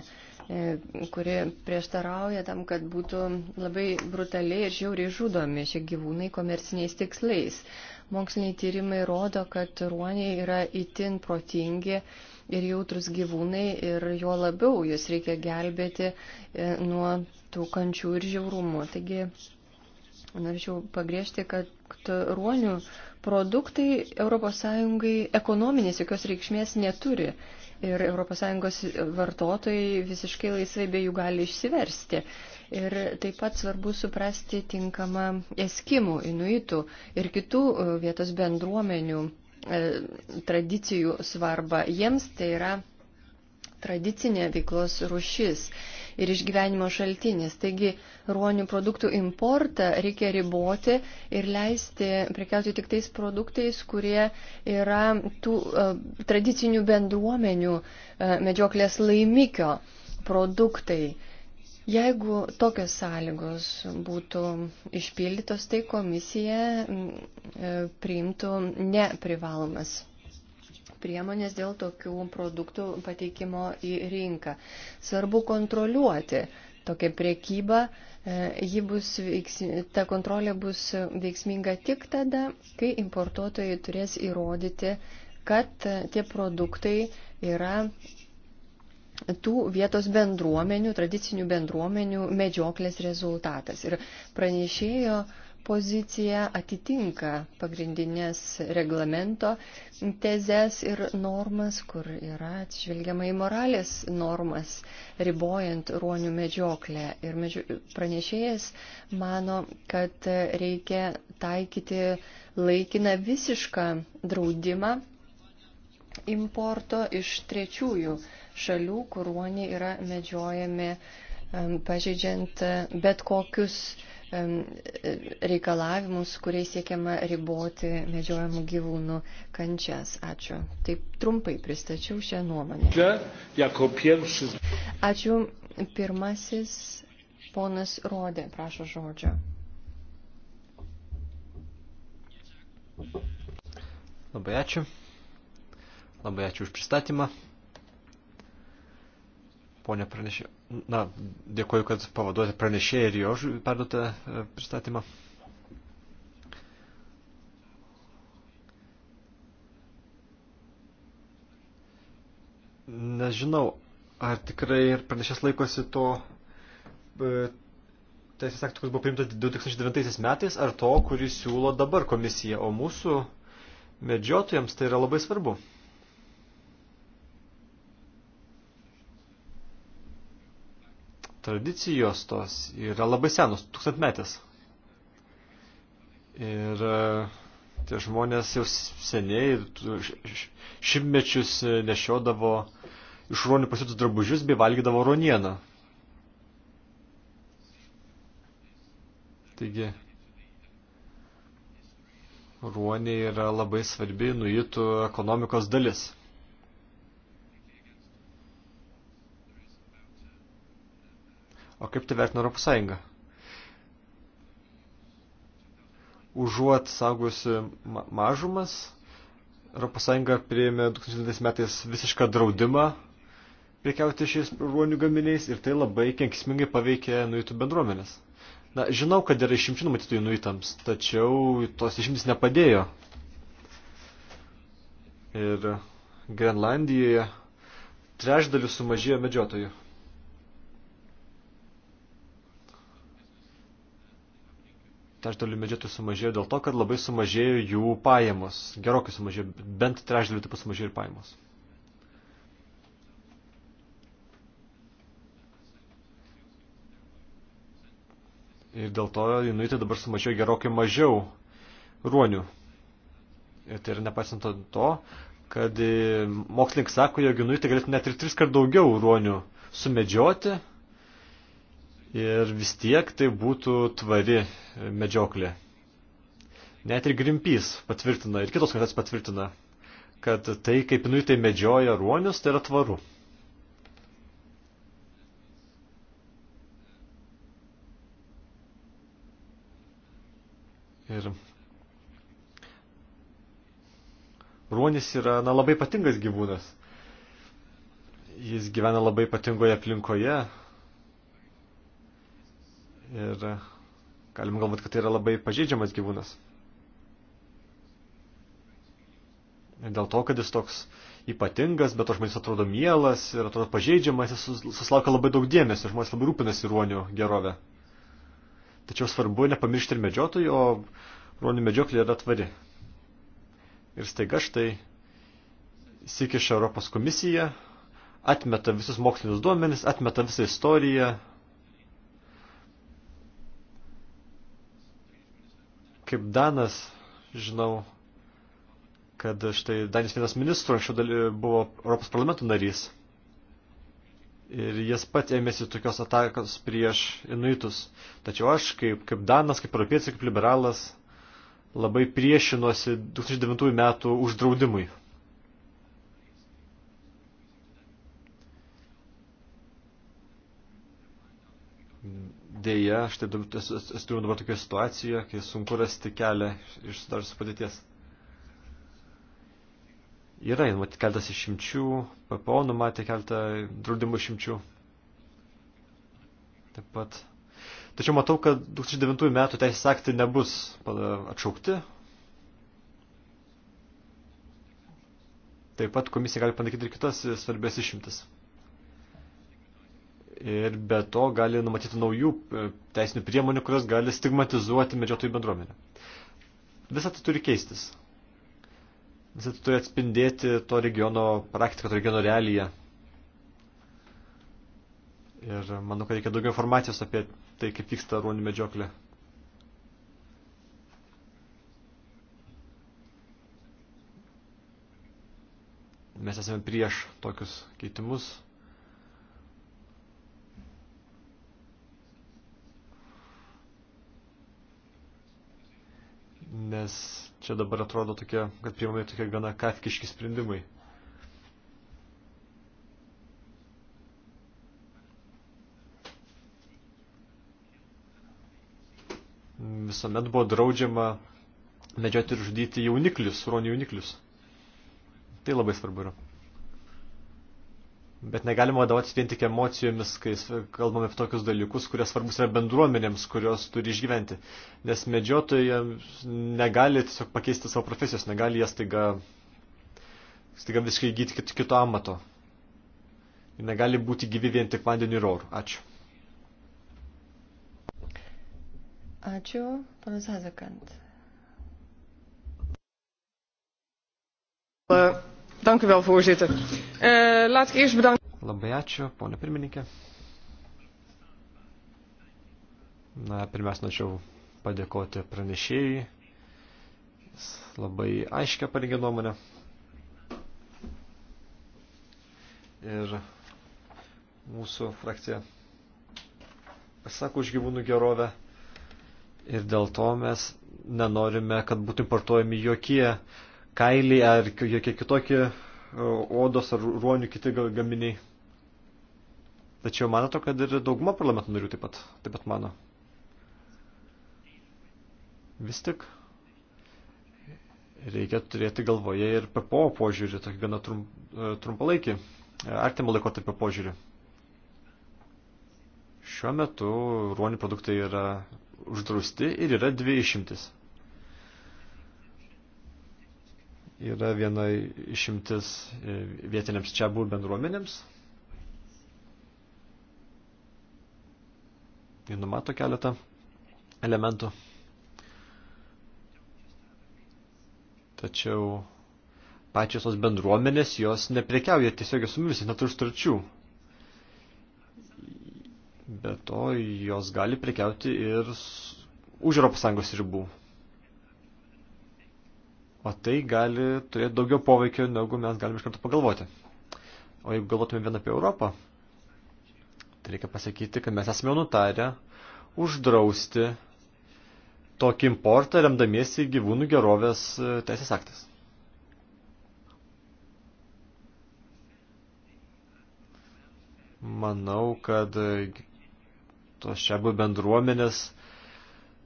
Speaker 2: E, kuri prieštarauja tam, kad būtų labai brutaliai ir žiauriai žudomi šie gyvūnai komerciniais tikslais. Moksliniai tyrimai rodo, kad ruoniai yra itin protingi ir jautrus gyvūnai ir juo labiau jūs reikia gelbėti e, nuo tų kančių ir žiaurumų. Taigi norėčiau pagrėžti, kad ruonių produktai ES ekonominės jokios reikšmės neturi ir ES vartotojai visiškai laisvai be jų gali išsiversti. Ir taip pat svarbu suprasti tinkamą eskimų, inuitų ir kitų e, vietos bendruomenių e, tradicijų svarbą. Jiems tai yra tradicinė veiklos rušis ir išgyvenimo šaltinis. Taigi ruonių produktų importą reikia riboti ir leisti prekiauti tik tais produktais, kurie yra tų uh, tradicinių bendruomenių uh, medžioklės laimikio produktai. Jeigu tokios sąlygos būtų išpildytos, tai komisija e, priimtų neprivalomas priemonės dėl tokių produktų pateikimo į rinką. Svarbu kontroliuoti tokią priekybą. E, ji bus, ta kontrolė bus veiksminga tik tada, kai importuotojai turės įrodyti, kad tie produktai yra tų vietos bendruomenių, tradicinių bendruomenių medžioklės rezultatas. Ir pranešėjo uh, pozicija atitinka pagrindinės reglamento tezes ir normas, kur yra atžvelgiama į moralės normas, ribojant ruonių medžioklę. Ir medžio... pranešėjas mano, kad reikia taikyti laikiną visišką draudimą importo iš trečiųjų šalių, kur ruoniai yra medžiojami pažeidžiant bet kokius reikalavimus, kuriais siekiama riboti medžiojamų gyvūnų kančias. Ačiū. Taip trumpai pristačiau šią nuomonę. Ačiū. Pirmasis ponas Rodė, prašo žodžio.
Speaker 4: Labai ačiū. Labai ačiū už pristatymą. Pone pranešė, Na, dėkuoju, kad pavaduojate pranešėją ir jo perduotą e, pristatymą. Nežinau, ar tikrai ir pranešės laikosi to e, teisės aktų, kuris buvo priimtas 2009 metais, ar to, kurį siūlo dabar komisija, o mūsų medžiotojams tai yra labai svarbu. tradicijos tos yra labai senos, tūkstantmetės. Ir e, tie žmonės jau seniai šimtmečius nešiodavo iš ruonių pasiūtus drabužius bei valgydavo ruonieną. Taigi, ruoniai yra labai svarbi nuitų ekonomikos dalis. O kaip tai vertina Europos Sąjunga? Užuot saugusi mažumas, Europos Sąjunga priėmė 2000 metais visišką draudimą prekiauti šiais ruonių gaminiais ir tai labai kenksmingai paveikė nuitų bendruomenės. Na, žinau, kad yra išimčių numatytų nuitams, tačiau tos išimtis nepadėjo. Ir Grenlandijoje trečdaliu sumažėjo medžiotojų. trečdalių medžetų sumažėjo dėl to, kad labai sumažėjo jų pajamos. Gerokai sumažėjo, bent trečdalių taip pat sumažėjo ir pajamos. Ir dėl to inuitai dabar sumažėjo gerokai mažiau ruonių. Ir tai yra nepasint to, kad e, mokslininkai sako, jog inuitai galėtų net ir tris kart daugiau ruonių sumedžioti ir vis tiek tai būtų tvari medžioklė. Net ir Greenpeace patvirtina, ir kitos kartas patvirtina, kad tai, kaip inuitai medžioja ruonius, tai yra tvaru. Ir ruonis yra na, labai patingas gyvūnas. Jis gyvena labai patingoje aplinkoje, Ir galim galvoti, kad tai yra labai pažeidžiamas gyvūnas. Ir dėl to, kad jis toks ypatingas, bet to žmonės atrodo mielas ir atrodo pažeidžiamas, jis susilaukia labai daug dėmesio, žmonės labai rūpinasi ruonių gerovę. Tačiau svarbu nepamiršti ir medžiotojų, o ruonių medžioklė yra tvari. Ir staiga štai sikiša Europos komisija, atmeta visus mokslinius duomenis, atmeta visą istoriją, kaip Danas žinau, kad štai Danis vienas ministrų anksčiau buvo Europos parlamento narys. Ir jis pat ėmėsi tokios atakos prieš inuitus. Tačiau aš, kaip, kaip Danas, kaip europietis, kaip liberalas, labai priešinuosi 2009 metų uždraudimui. Deja, aš taip esu dabar tokioje situacijoje, kai sunku rasti kelią iš sudarusios padėties. Yra, matyti, keltas išimčių, PPO numatė keltą draudimų išimčių. Taip pat. Tačiau matau, kad 2009 metų teisės aktai nebus atšaukti. Taip pat komisija gali panakyti ir kitas svarbės išimtis ir be to gali numatyti naujų e, teisinių priemonių, kurios gali stigmatizuoti medžiotojų bendruomenę. Visą tai turi keistis. Visą tai turi atspindėti to regiono praktiką, to regiono realiją. Ir manau, kad reikia daugiau informacijos apie tai, kaip vyksta ruonių medžioklė. Mes esame prieš tokius keitimus. nes čia dabar atrodo tokie, kad priimami tokie gana katkiški sprendimai. Visuomet buvo draudžiama medžioti ir žudyti jauniklius, ruonių jauniklius. Tai labai svarbu yra. Bet negalima vadovautis vien tik emocijomis, kai kalbame apie tokius dalykus, kurie svarbus yra bendruomenėms, kurios turi išgyventi. Nes medžiotojai negali tiesiog pakeisti savo profesijos, negali jas taiga, staiga visiškai įgyti kit, kito amato. Ir negali būti gyvi vien tik vandeniu ir oru. Ačiū.
Speaker 2: Ačiū, panas
Speaker 4: Azakant. Uh. Dank u wel, voorzitter. Uh, laat ik eerst bedanken. Labai ačiū, ponė pirmininkė. Na, pirmiausia, norėčiau padėkoti pranešėjai. Jis labai aiškia parengė nuomonę. Ir mūsų frakcija pasisako už gyvūnų gerovę. Ir dėl to mes nenorime, kad būtų importuojami jokie uh, kailiai ar jokie kitokie e, odos ar ruonių kiti gaminiai. Tačiau man atrodo, kad ir dauguma parlamento narių taip pat, taip pat mano. Vis tik reikia turėti galvoje ir PPO požiūrį, tokį gana trump, e, trumpalaikį, e, artimo laikotarpio požiūrį. Šiuo metu ruonių produktai yra uždrausti ir yra dvi išimtis. yra viena išimtis e, vietiniams čia būr bendruomenėms. Ir tai numato keletą elementų. Tačiau pačios tos bendruomenės jos neprekiauja tiesiog su mumis, neturi sutarčių. Be to, jos gali prekiauti ir už ES ribų. O tai gali turėti daugiau poveikio, negu mes galime iš karto pagalvoti. O jeigu galvotume vien apie Europą, tai reikia pasakyti, kad mes esame nutarę uždrausti tokį importą remdamiesi gyvūnų gerovės e, teisės aktais. Manau, kad e, tos šiabų bendruomenės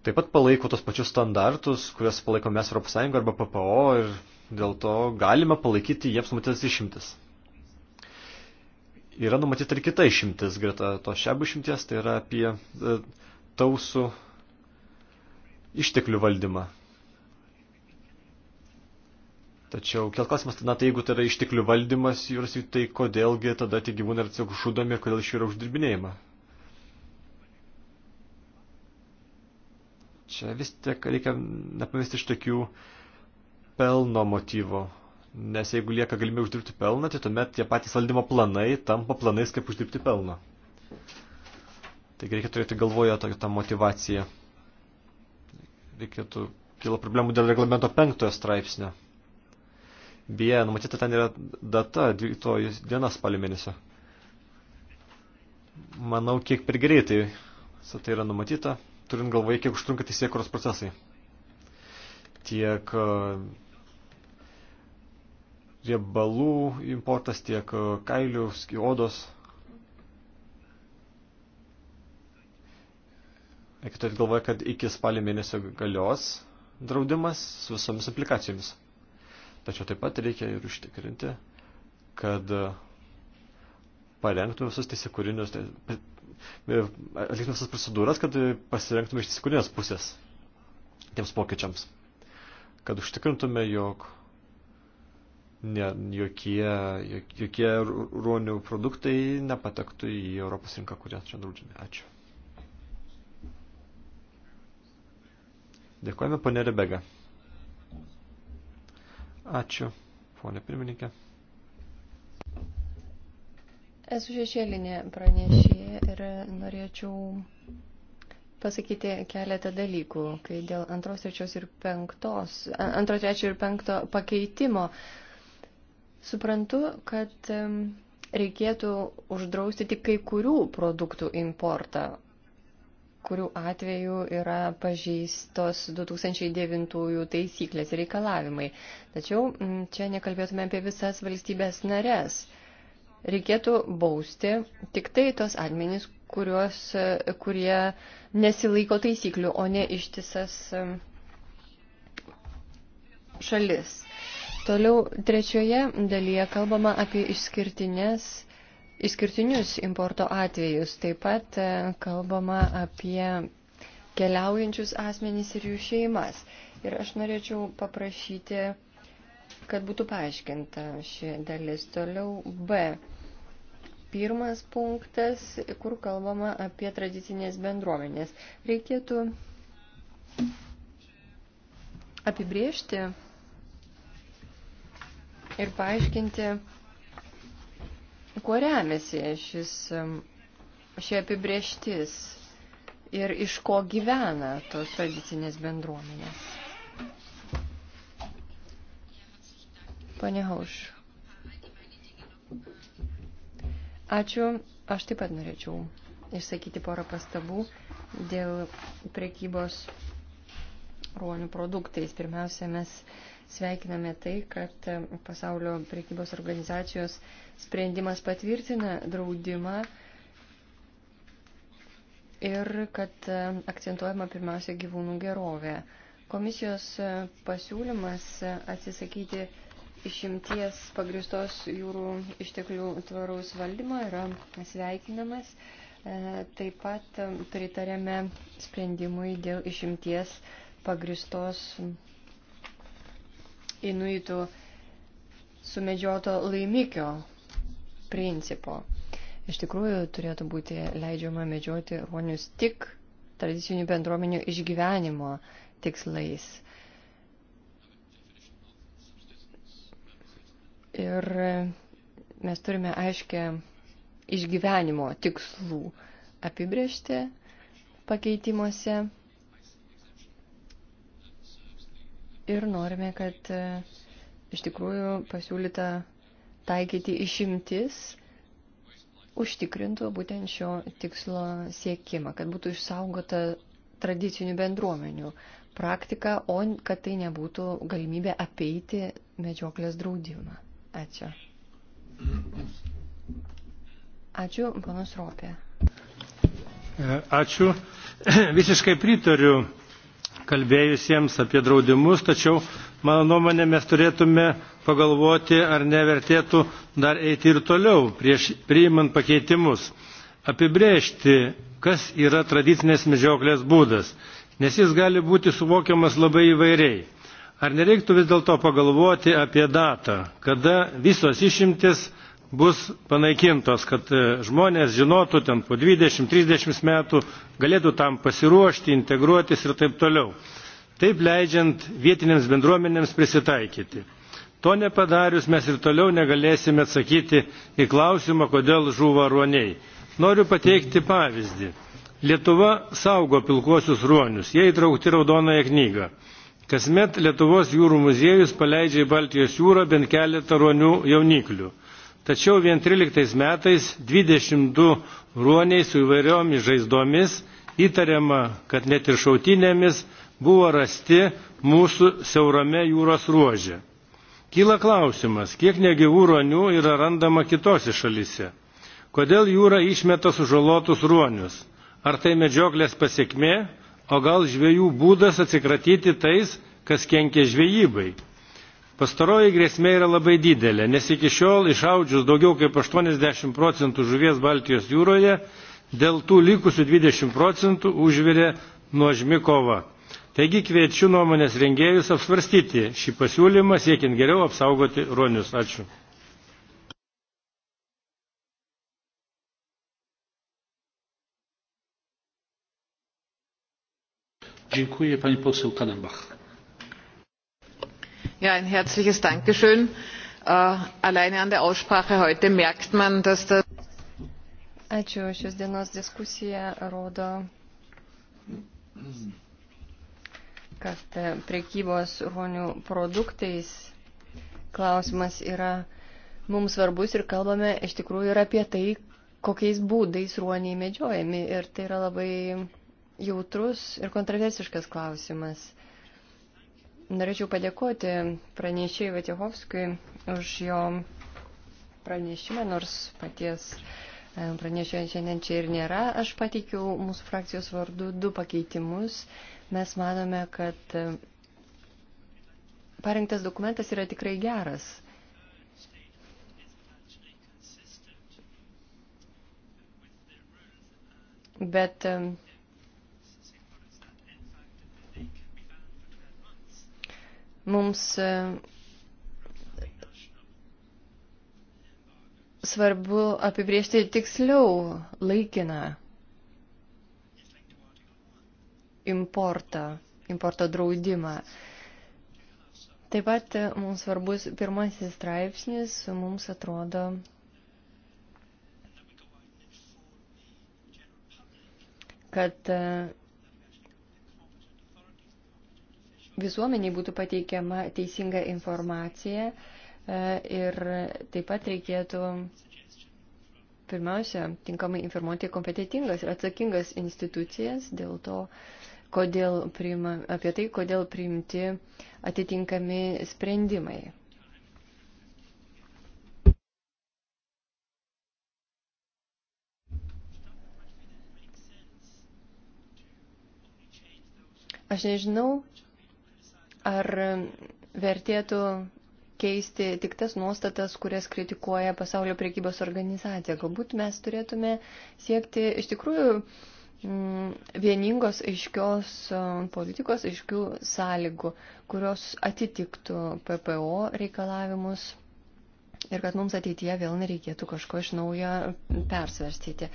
Speaker 4: taip pat palaiko tos pačius standartus, kuriuos palaikome mes Europos Sąjunga arba PPO ir dėl to galime palaikyti jiems numatytas išimtis. Yra numatyta ir kita išimtis greta to šiabų išimties, tai yra apie e, tausų išteklių valdymą. Tačiau kėl klausimas, na tai jeigu tai yra išteklių valdymas jūros, tai kodėlgi tada tie gyvūnai yra tiesiog žudomi ir kodėl iš jų yra uždirbinėjama. Čia vis tiek reikia nepamiršti iš tokių pelno motyvų. Nes jeigu lieka galimybė uždirbti pelną, tai tuomet tie patys valdymo planai tampa planais, kaip uždirbti pelną. Taigi reikia turėti galvoje tokią tą motivaciją. Reikėtų kilo problemų dėl reglamento penktojo straipsnio. Beje, numatyta ten yra data, 12 diena spalio mėnesio. Manau, kiek per greitai visą tai yra numatyta turint galvoje, kiek užtrunka teisėkuros procesai. Tiek e, riebalų importas, tiek e, kailių, odos. Reikia turėti galvoje, kad iki spalio mėnesio galios draudimas su visomis aplikacijomis. Tačiau taip pat reikia ir užtikrinti, kad parengtume visus teisėkūrinius E, atliksime visas procedūras, kad e, pasirengtume iš įsikūrinės pusės tiems pokyčiams. Kad užtikrintume, jog ne, jokie, jokie ruonių produktai nepatektų į Europos rinką, kurie čia draudžiami. Ačiū. Dėkojame, ponė Rebega. Ačiū, ponė pirmininkė.
Speaker 2: Esu šešėlinė pranešė ir norėčiau pasakyti keletą dalykų, kai dėl antros, trečios ir penktos, antro, trečio ir penkto pakeitimo suprantu, kad reikėtų uždrausti tik kai kurių produktų importą, kurių atveju yra pažeistos 2009 taisyklės ir reikalavimai. Tačiau čia nekalbėtume apie visas valstybės nares reikėtų bausti tik tai tos asmenys, kuriuos, kurie nesilaiko taisyklių, o ne ištisas um, šalis. Toliau trečioje dalyje kalbama apie išskirtinės, išskirtinius importo atvejus. Taip pat e, kalbama apie keliaujančius asmenys ir jų šeimas. Ir aš norėčiau paprašyti, kad būtų paaiškinta ši dalis. Toliau B pirmas punktas, kur kalbama apie tradicinės bendruomenės. Reikėtų apibriežti ir paaiškinti, kuo remiasi šis, ši apibrieštis ir iš ko gyvena tos tradicinės bendruomenės. Pane Hauš. Ačiū. Aš taip pat norėčiau išsakyti porą pastabų dėl prekybos ruonių produktais. Pirmiausia, mes sveikiname tai, kad pasaulio prekybos organizacijos sprendimas patvirtina draudimą ir kad akcentuojama pirmiausia gyvūnų gerovė. Komisijos pasiūlymas atsisakyti išimties pagristos jūrų išteklių tvaraus valdymo yra sveikinamas. E, taip pat e, pritarėme sprendimui dėl išimties pagristos inuitų sumedžioto laimikio principo. Iš tikrųjų, turėtų būti leidžiama medžioti ruonius tik tradicinių bendruomenių išgyvenimo tikslais Ir e, mes turime aiškę išgyvenimo tikslų apibriežti pakeitimuose. Ir norime, kad e, iš tikrųjų pasiūlyta taikyti išimtis užtikrintų būtent šio tikslo siekimą, kad būtų išsaugota tradicinių bendruomenių praktika, o kad tai nebūtų galimybė apeiti medžioklės draudimą. Ačiū. Ačiū, panas Ropė.
Speaker 1: E, ačiū. Visiškai pritariu kalbėjusiems apie draudimus, tačiau mano nuomonė mes turėtume pagalvoti, ar nevertėtų dar eiti ir toliau prieš priimant pakeitimus. Apibrėžti, kas yra tradicinės medžioklės būdas, nes jis gali būti suvokiamas labai įvairiai ar nereiktų vis dėlto pagalvoti apie datą kada visos išimtis bus panaikintos kad e, žmonės žinotų ten po dvidešimt trisdešimt metų galėtų tam pasiruošti integruotis ir taip toliau taip leidžiant vietinėms bendruomenėms prisitaikyti. to nepadarius mes ir toliau negalėsime atsakyti į klausimą kodėl žūva ruoniai. noriu pateikti pavyzdį lietuva saugo pilkuosius ruonius jie įtraukti į raudonąją knygą Kasmet Lietuvos jūrų muziejus paleidžia į Baltijos jūrą bent keletą ruonių jauniklių. Tačiau vien 13 metais 22 ruoniai su įvairiomis žaizdomis įtariama, kad net ir šautinėmis buvo rasti mūsų siaurame jūros ruože. Kyla klausimas, kiek negyvų ruonių yra randama kitose šalise. Kodėl jūra išmeta sužalotus ruonius? Ar tai medžioklės pasiekmė, o gal žvejų būdas atsikratyti tais, kas kenkia žvejybai. Pastaroji grėsmė yra labai didelė, nes iki šiol išaudžius daugiau kaip 80 procentų žuvies Baltijos jūroje, dėl tų likusių 20 procentų užvirė nuožmi kova. Taigi kviečiu nuomonės rengėjus apsvarstyti šį pasiūlymą, siekiant geriau apsaugoti ruonius. Ačiū. Dziękuję pani poseł Kadenbach.
Speaker 4: Ja, ein herzliches Dankeschön. Uh, alleine
Speaker 2: an der Aussprache heute merkt man, dass das. Ačiū. Šios dienos diskusija rodo, kad e, priekybos ruonių produktais klausimas yra mums svarbus ir kalbame iš tikrųjų ir apie tai, kokiais būdais ruoniai medžiojami. Ir tai yra labai jautrus ir kontroversiškas klausimas. Norėčiau padėkoti pranešėjai Vatihovskui už jo pranešimą, nors paties e, pranešėjo šiandien čia ir nėra. Aš pateikiau mūsų frakcijos vardu du pakeitimus. Mes manome, kad e, parengtas dokumentas yra tikrai geras. Bet um, Mums e, svarbu apibriežti tiksliau laikiną importą, importo draudimą. Taip pat mums svarbus pirmasis straipsnis, mums atrodo, kad e, visuomeniai būtų pateikiama teisinga informacija e, ir taip pat reikėtų pirmiausia tinkamai informuoti kompetitingas ir atsakingas institucijas dėl to, kodėl priima, apie tai, kodėl priimti atitinkami sprendimai. Aš nežinau, ar vertėtų keisti tik tas nuostatas, kurias kritikuoja pasaulio priekybos organizacija. Galbūt mes turėtume siekti iš tikrųjų mm, vieningos aiškios politikos, aiškių sąlygų, kurios atitiktų PPO reikalavimus ir kad mums ateityje vėl nereikėtų kažko iš naujo persvarstyti.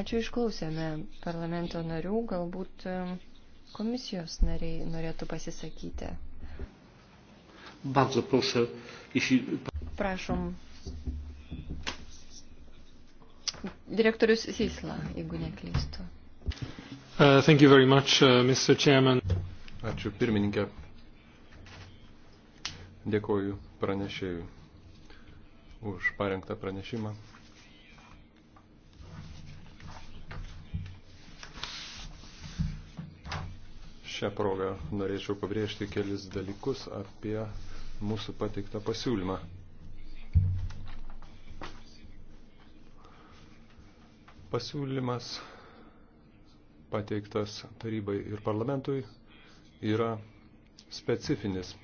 Speaker 2: Ačiū išklausėme parlamento narių, galbūt. Um, komisijos nariai norėtų pasisakyti.
Speaker 1: Bardzo proszę, jeśli...
Speaker 2: Prašom. Direktorius Sysla, jeigu neklystu.
Speaker 3: Uh, thank you very much, uh, Mr. Chairman. Ačiū pirmininkė. Dėkoju pranešėjui už parengtą pranešimą. Šią progą norėčiau pabrėžti kelis dalykus apie mūsų pateiktą pasiūlymą. Pasiūlymas pateiktas tarybai ir parlamentui yra specifinis.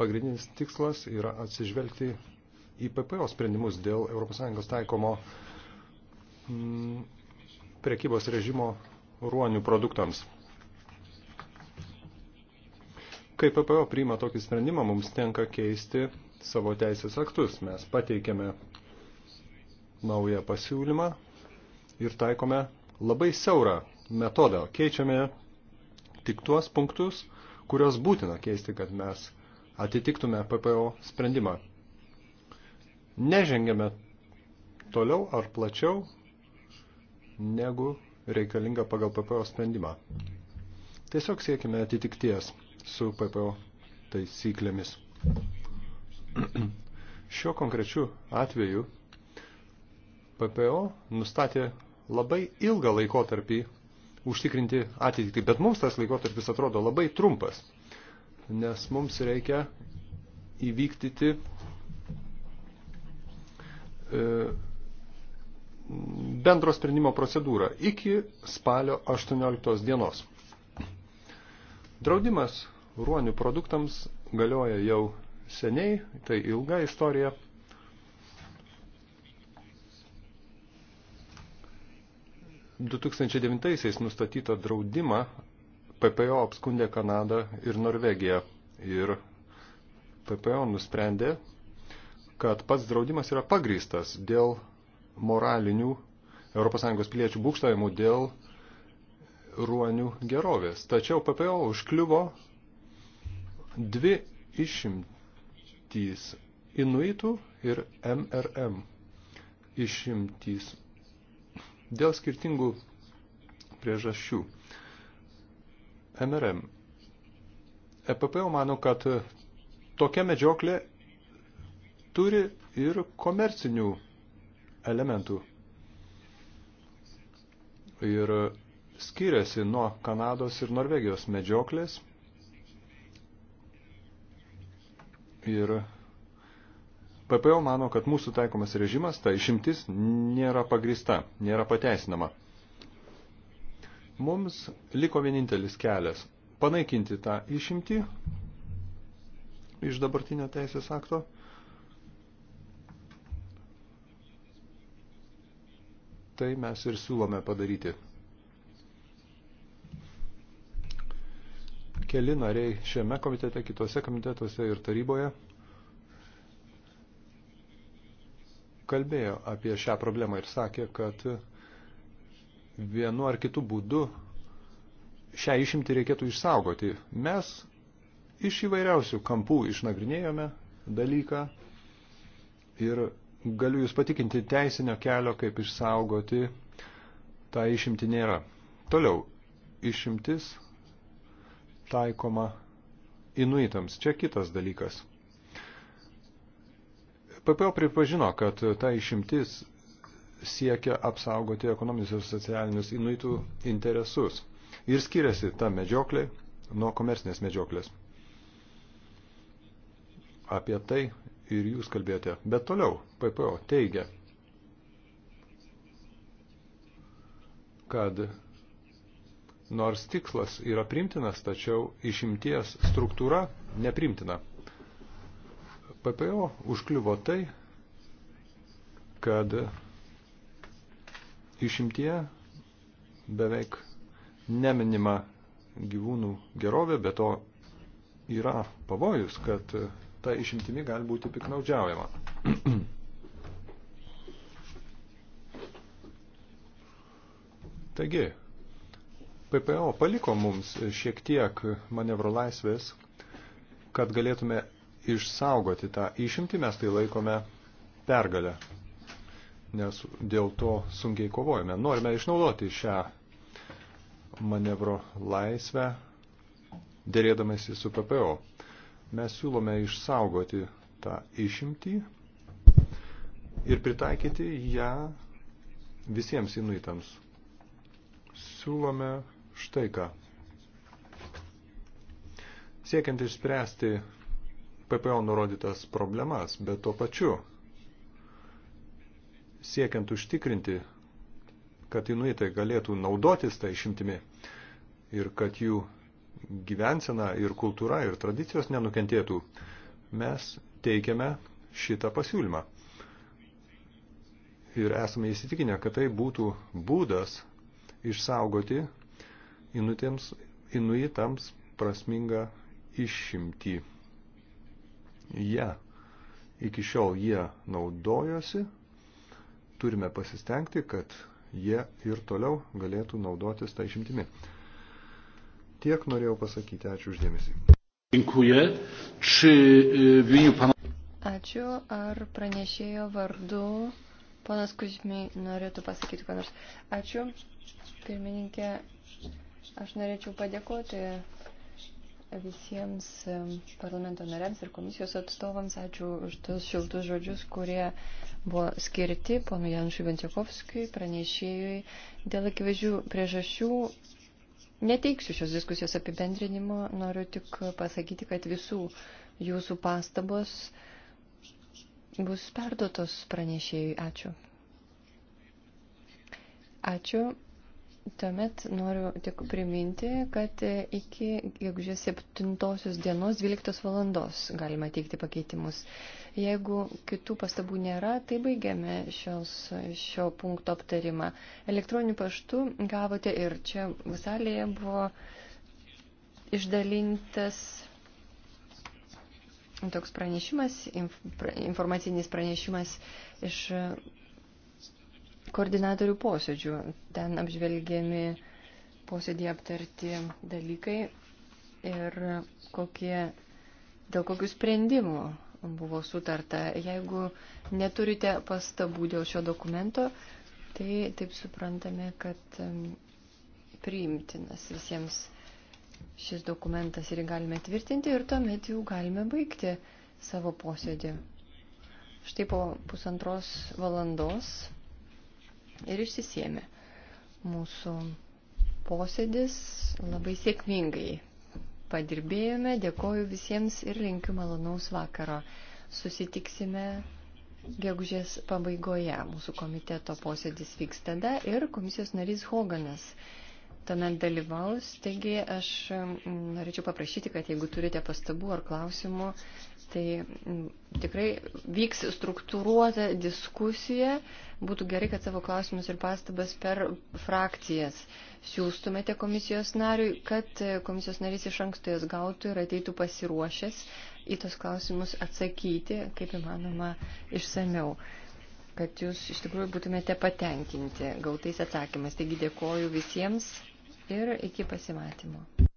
Speaker 3: Pagrindinis tikslas yra atsižvelgti į PPO sprendimus dėl ES taikomo mm, prekybos režimo ruonių produktams. Kai PPO priima tokį sprendimą, mums tenka keisti savo teisės aktus. Mes pateikėme naują pasiūlymą ir taikome labai siaurą metodą. Keičiame tik tuos punktus, kurios būtina keisti, kad mes atitiktume PPO sprendimą. Nežengiame toliau ar plačiau negu reikalinga pagal PPO sprendimą. Tiesiog siekime atitikties su PPO taisyklėmis. Šiuo konkrečiu atveju PPO nustatė labai ilgą laikotarpį užtikrinti ateitį, bet mums tas laikotarpis atrodo labai trumpas, nes mums reikia įvykdyti e, bendro sprendimo procedūrą iki spalio 18 dienos. Draudimas ruonių produktams galioja jau seniai, tai ilga istorija. – 2009-aisiais nustatytą draudimą PPO apskundė Kanada ir Norvegija. Ir PPO nusprendė, kad pats draudimas yra pagrįstas dėl moralinių ES piliečių būkštavimų dėl ruonių gerovės. Tačiau PPO užkliuvo dvi išimtys – inuitų ir MRM išimtys dėl skirtingų priežasčių. MRM. EPPO mano, kad tokia medžioklė turi ir komercinių elementų. Ir skiriasi nuo Kanados ir Norvegijos medžioklės – Ir PPO mano, kad mūsų taikomas režimas, ta išimtis, nėra pagrista, nėra pateisinama. Mums liko vienintelis kelias – panaikinti tą išimtį iš dabartinio teisės akto – tai mes ir siūlome padaryti. keli nariai šiame komitete, kitose komitetuose ir taryboje kalbėjo apie šią problemą ir sakė, kad vienu ar kitu būdu šią išimtį reikėtų išsaugoti. Mes iš įvairiausių kampų išnagrinėjome dalyką ir galiu Jūs patikinti teisinio kelio, kaip išsaugoti tą išimtį nėra. Toliau, išimtis taikoma inuitams. Čia kitas dalykas. PPO pripažino, kad ta išimtis siekia apsaugoti ekonominius ir socialinius inuitų interesus. Ir skiriasi ta medžioklė nuo komersinės medžioklės. Apie tai ir jūs kalbėjote. Bet toliau PPO teigia, kad Nors tikslas yra primtinas, tačiau išimties struktūra neprimtina. PPO užkliuvo tai, kad išimtie beveik neminima gyvūnų gerovė, bet to yra pavojus, kad ta išimtimi gali būti piknaudžiaujama. Taigi, PPO paliko mums šiek tiek manevro laisvės, kad galėtume išsaugoti tą išimtį, mes tai laikome pergalę, nes dėl to sunkiai kovojame. Norime išnaudoti šią manevro laisvę, dėrėdamėsi su PPO. Mes siūlome išsaugoti tą išimtį ir pritaikyti ją visiems inuitams. Siūlome štai ką. Siekiant išspręsti PPO nurodytas problemas, bet tuo pačiu siekiant užtikrinti, kad inuitai galėtų naudotis tą išimtimi ir kad jų gyvensena ir kultūra ir tradicijos nenukentėtų, mes teikiame šitą pasiūlymą. Ir esame įsitikinę, kad tai būtų būdas išsaugoti inutėms, inuitams prasmingą išimtį. Ja, iki šiol jie naudojosi, turime pasistengti, kad jie ir toliau galėtų
Speaker 1: naudotis tą išimtimi.
Speaker 3: Tiek norėjau pasakyti, ačiū uždėmesį.
Speaker 2: Ačiū, ar pranešėjo vardu Ponas Kuzmi norėtų pasakyti, ką nors. Ačiū, pirmininkė. Aš norėčiau padėkoti visiems e, parlamento nariams ir komisijos atstovams. Ačiū už tos šiltus žodžius, kurie buvo skirti ponui Janšui Ventjakovskijui, pranešėjui. Dėl akivaizdžių priežasčių neteiksiu šios diskusijos apibendrinimo. Noriu tik pasakyti, kad visų jūsų pastabos bus perduotos pranešėjui. Ačiū. Ačiū. Tuomet noriu tik priminti, kad iki gegužės 7 dienos 12 valandos galima teikti pakeitimus. Jeigu kitų pastabų nėra, tai baigiame šios, šio punkto aptarimą. Elektroniniu paštu gavote ir čia salėje buvo išdalintas toks pranešimas, informacinis pranešimas iš koordinatorių posėdžių. Ten apžvelgiami posėdį aptarti dalykai ir kokie, dėl kokių sprendimų buvo sutarta. Jeigu neturite pastabų dėl šio dokumento, tai taip suprantame, kad priimtinas visiems šis dokumentas ir galime tvirtinti ir tuomet jau galime baigti savo posėdį. Štai po pusantros valandos ir išsisėmė. Mūsų posėdis labai sėkmingai padirbėjome. Dėkoju visiems ir linkiu malonaus vakaro. Susitiksime gegužės pabaigoje. Mūsų komiteto posėdis vyks tada ir komisijos narys Hoganas tuomet dalyvaus. Taigi aš mm, norėčiau paprašyti, kad jeigu turite pastabų ar klausimų, Tai tikrai vyks struktūruota diskusija. Būtų gerai, kad savo klausimus ir pastabas per frakcijas siūstumėte komisijos nariui, kad e, komisijos narys iš anksto jas gautų ir ateitų pasiruošęs į tos klausimus atsakyti, kaip įmanoma, išsameu kad jūs iš tikrųjų būtumėte patenkinti gautais atsakymais. Taigi dėkoju visiems ir iki pasimatymo.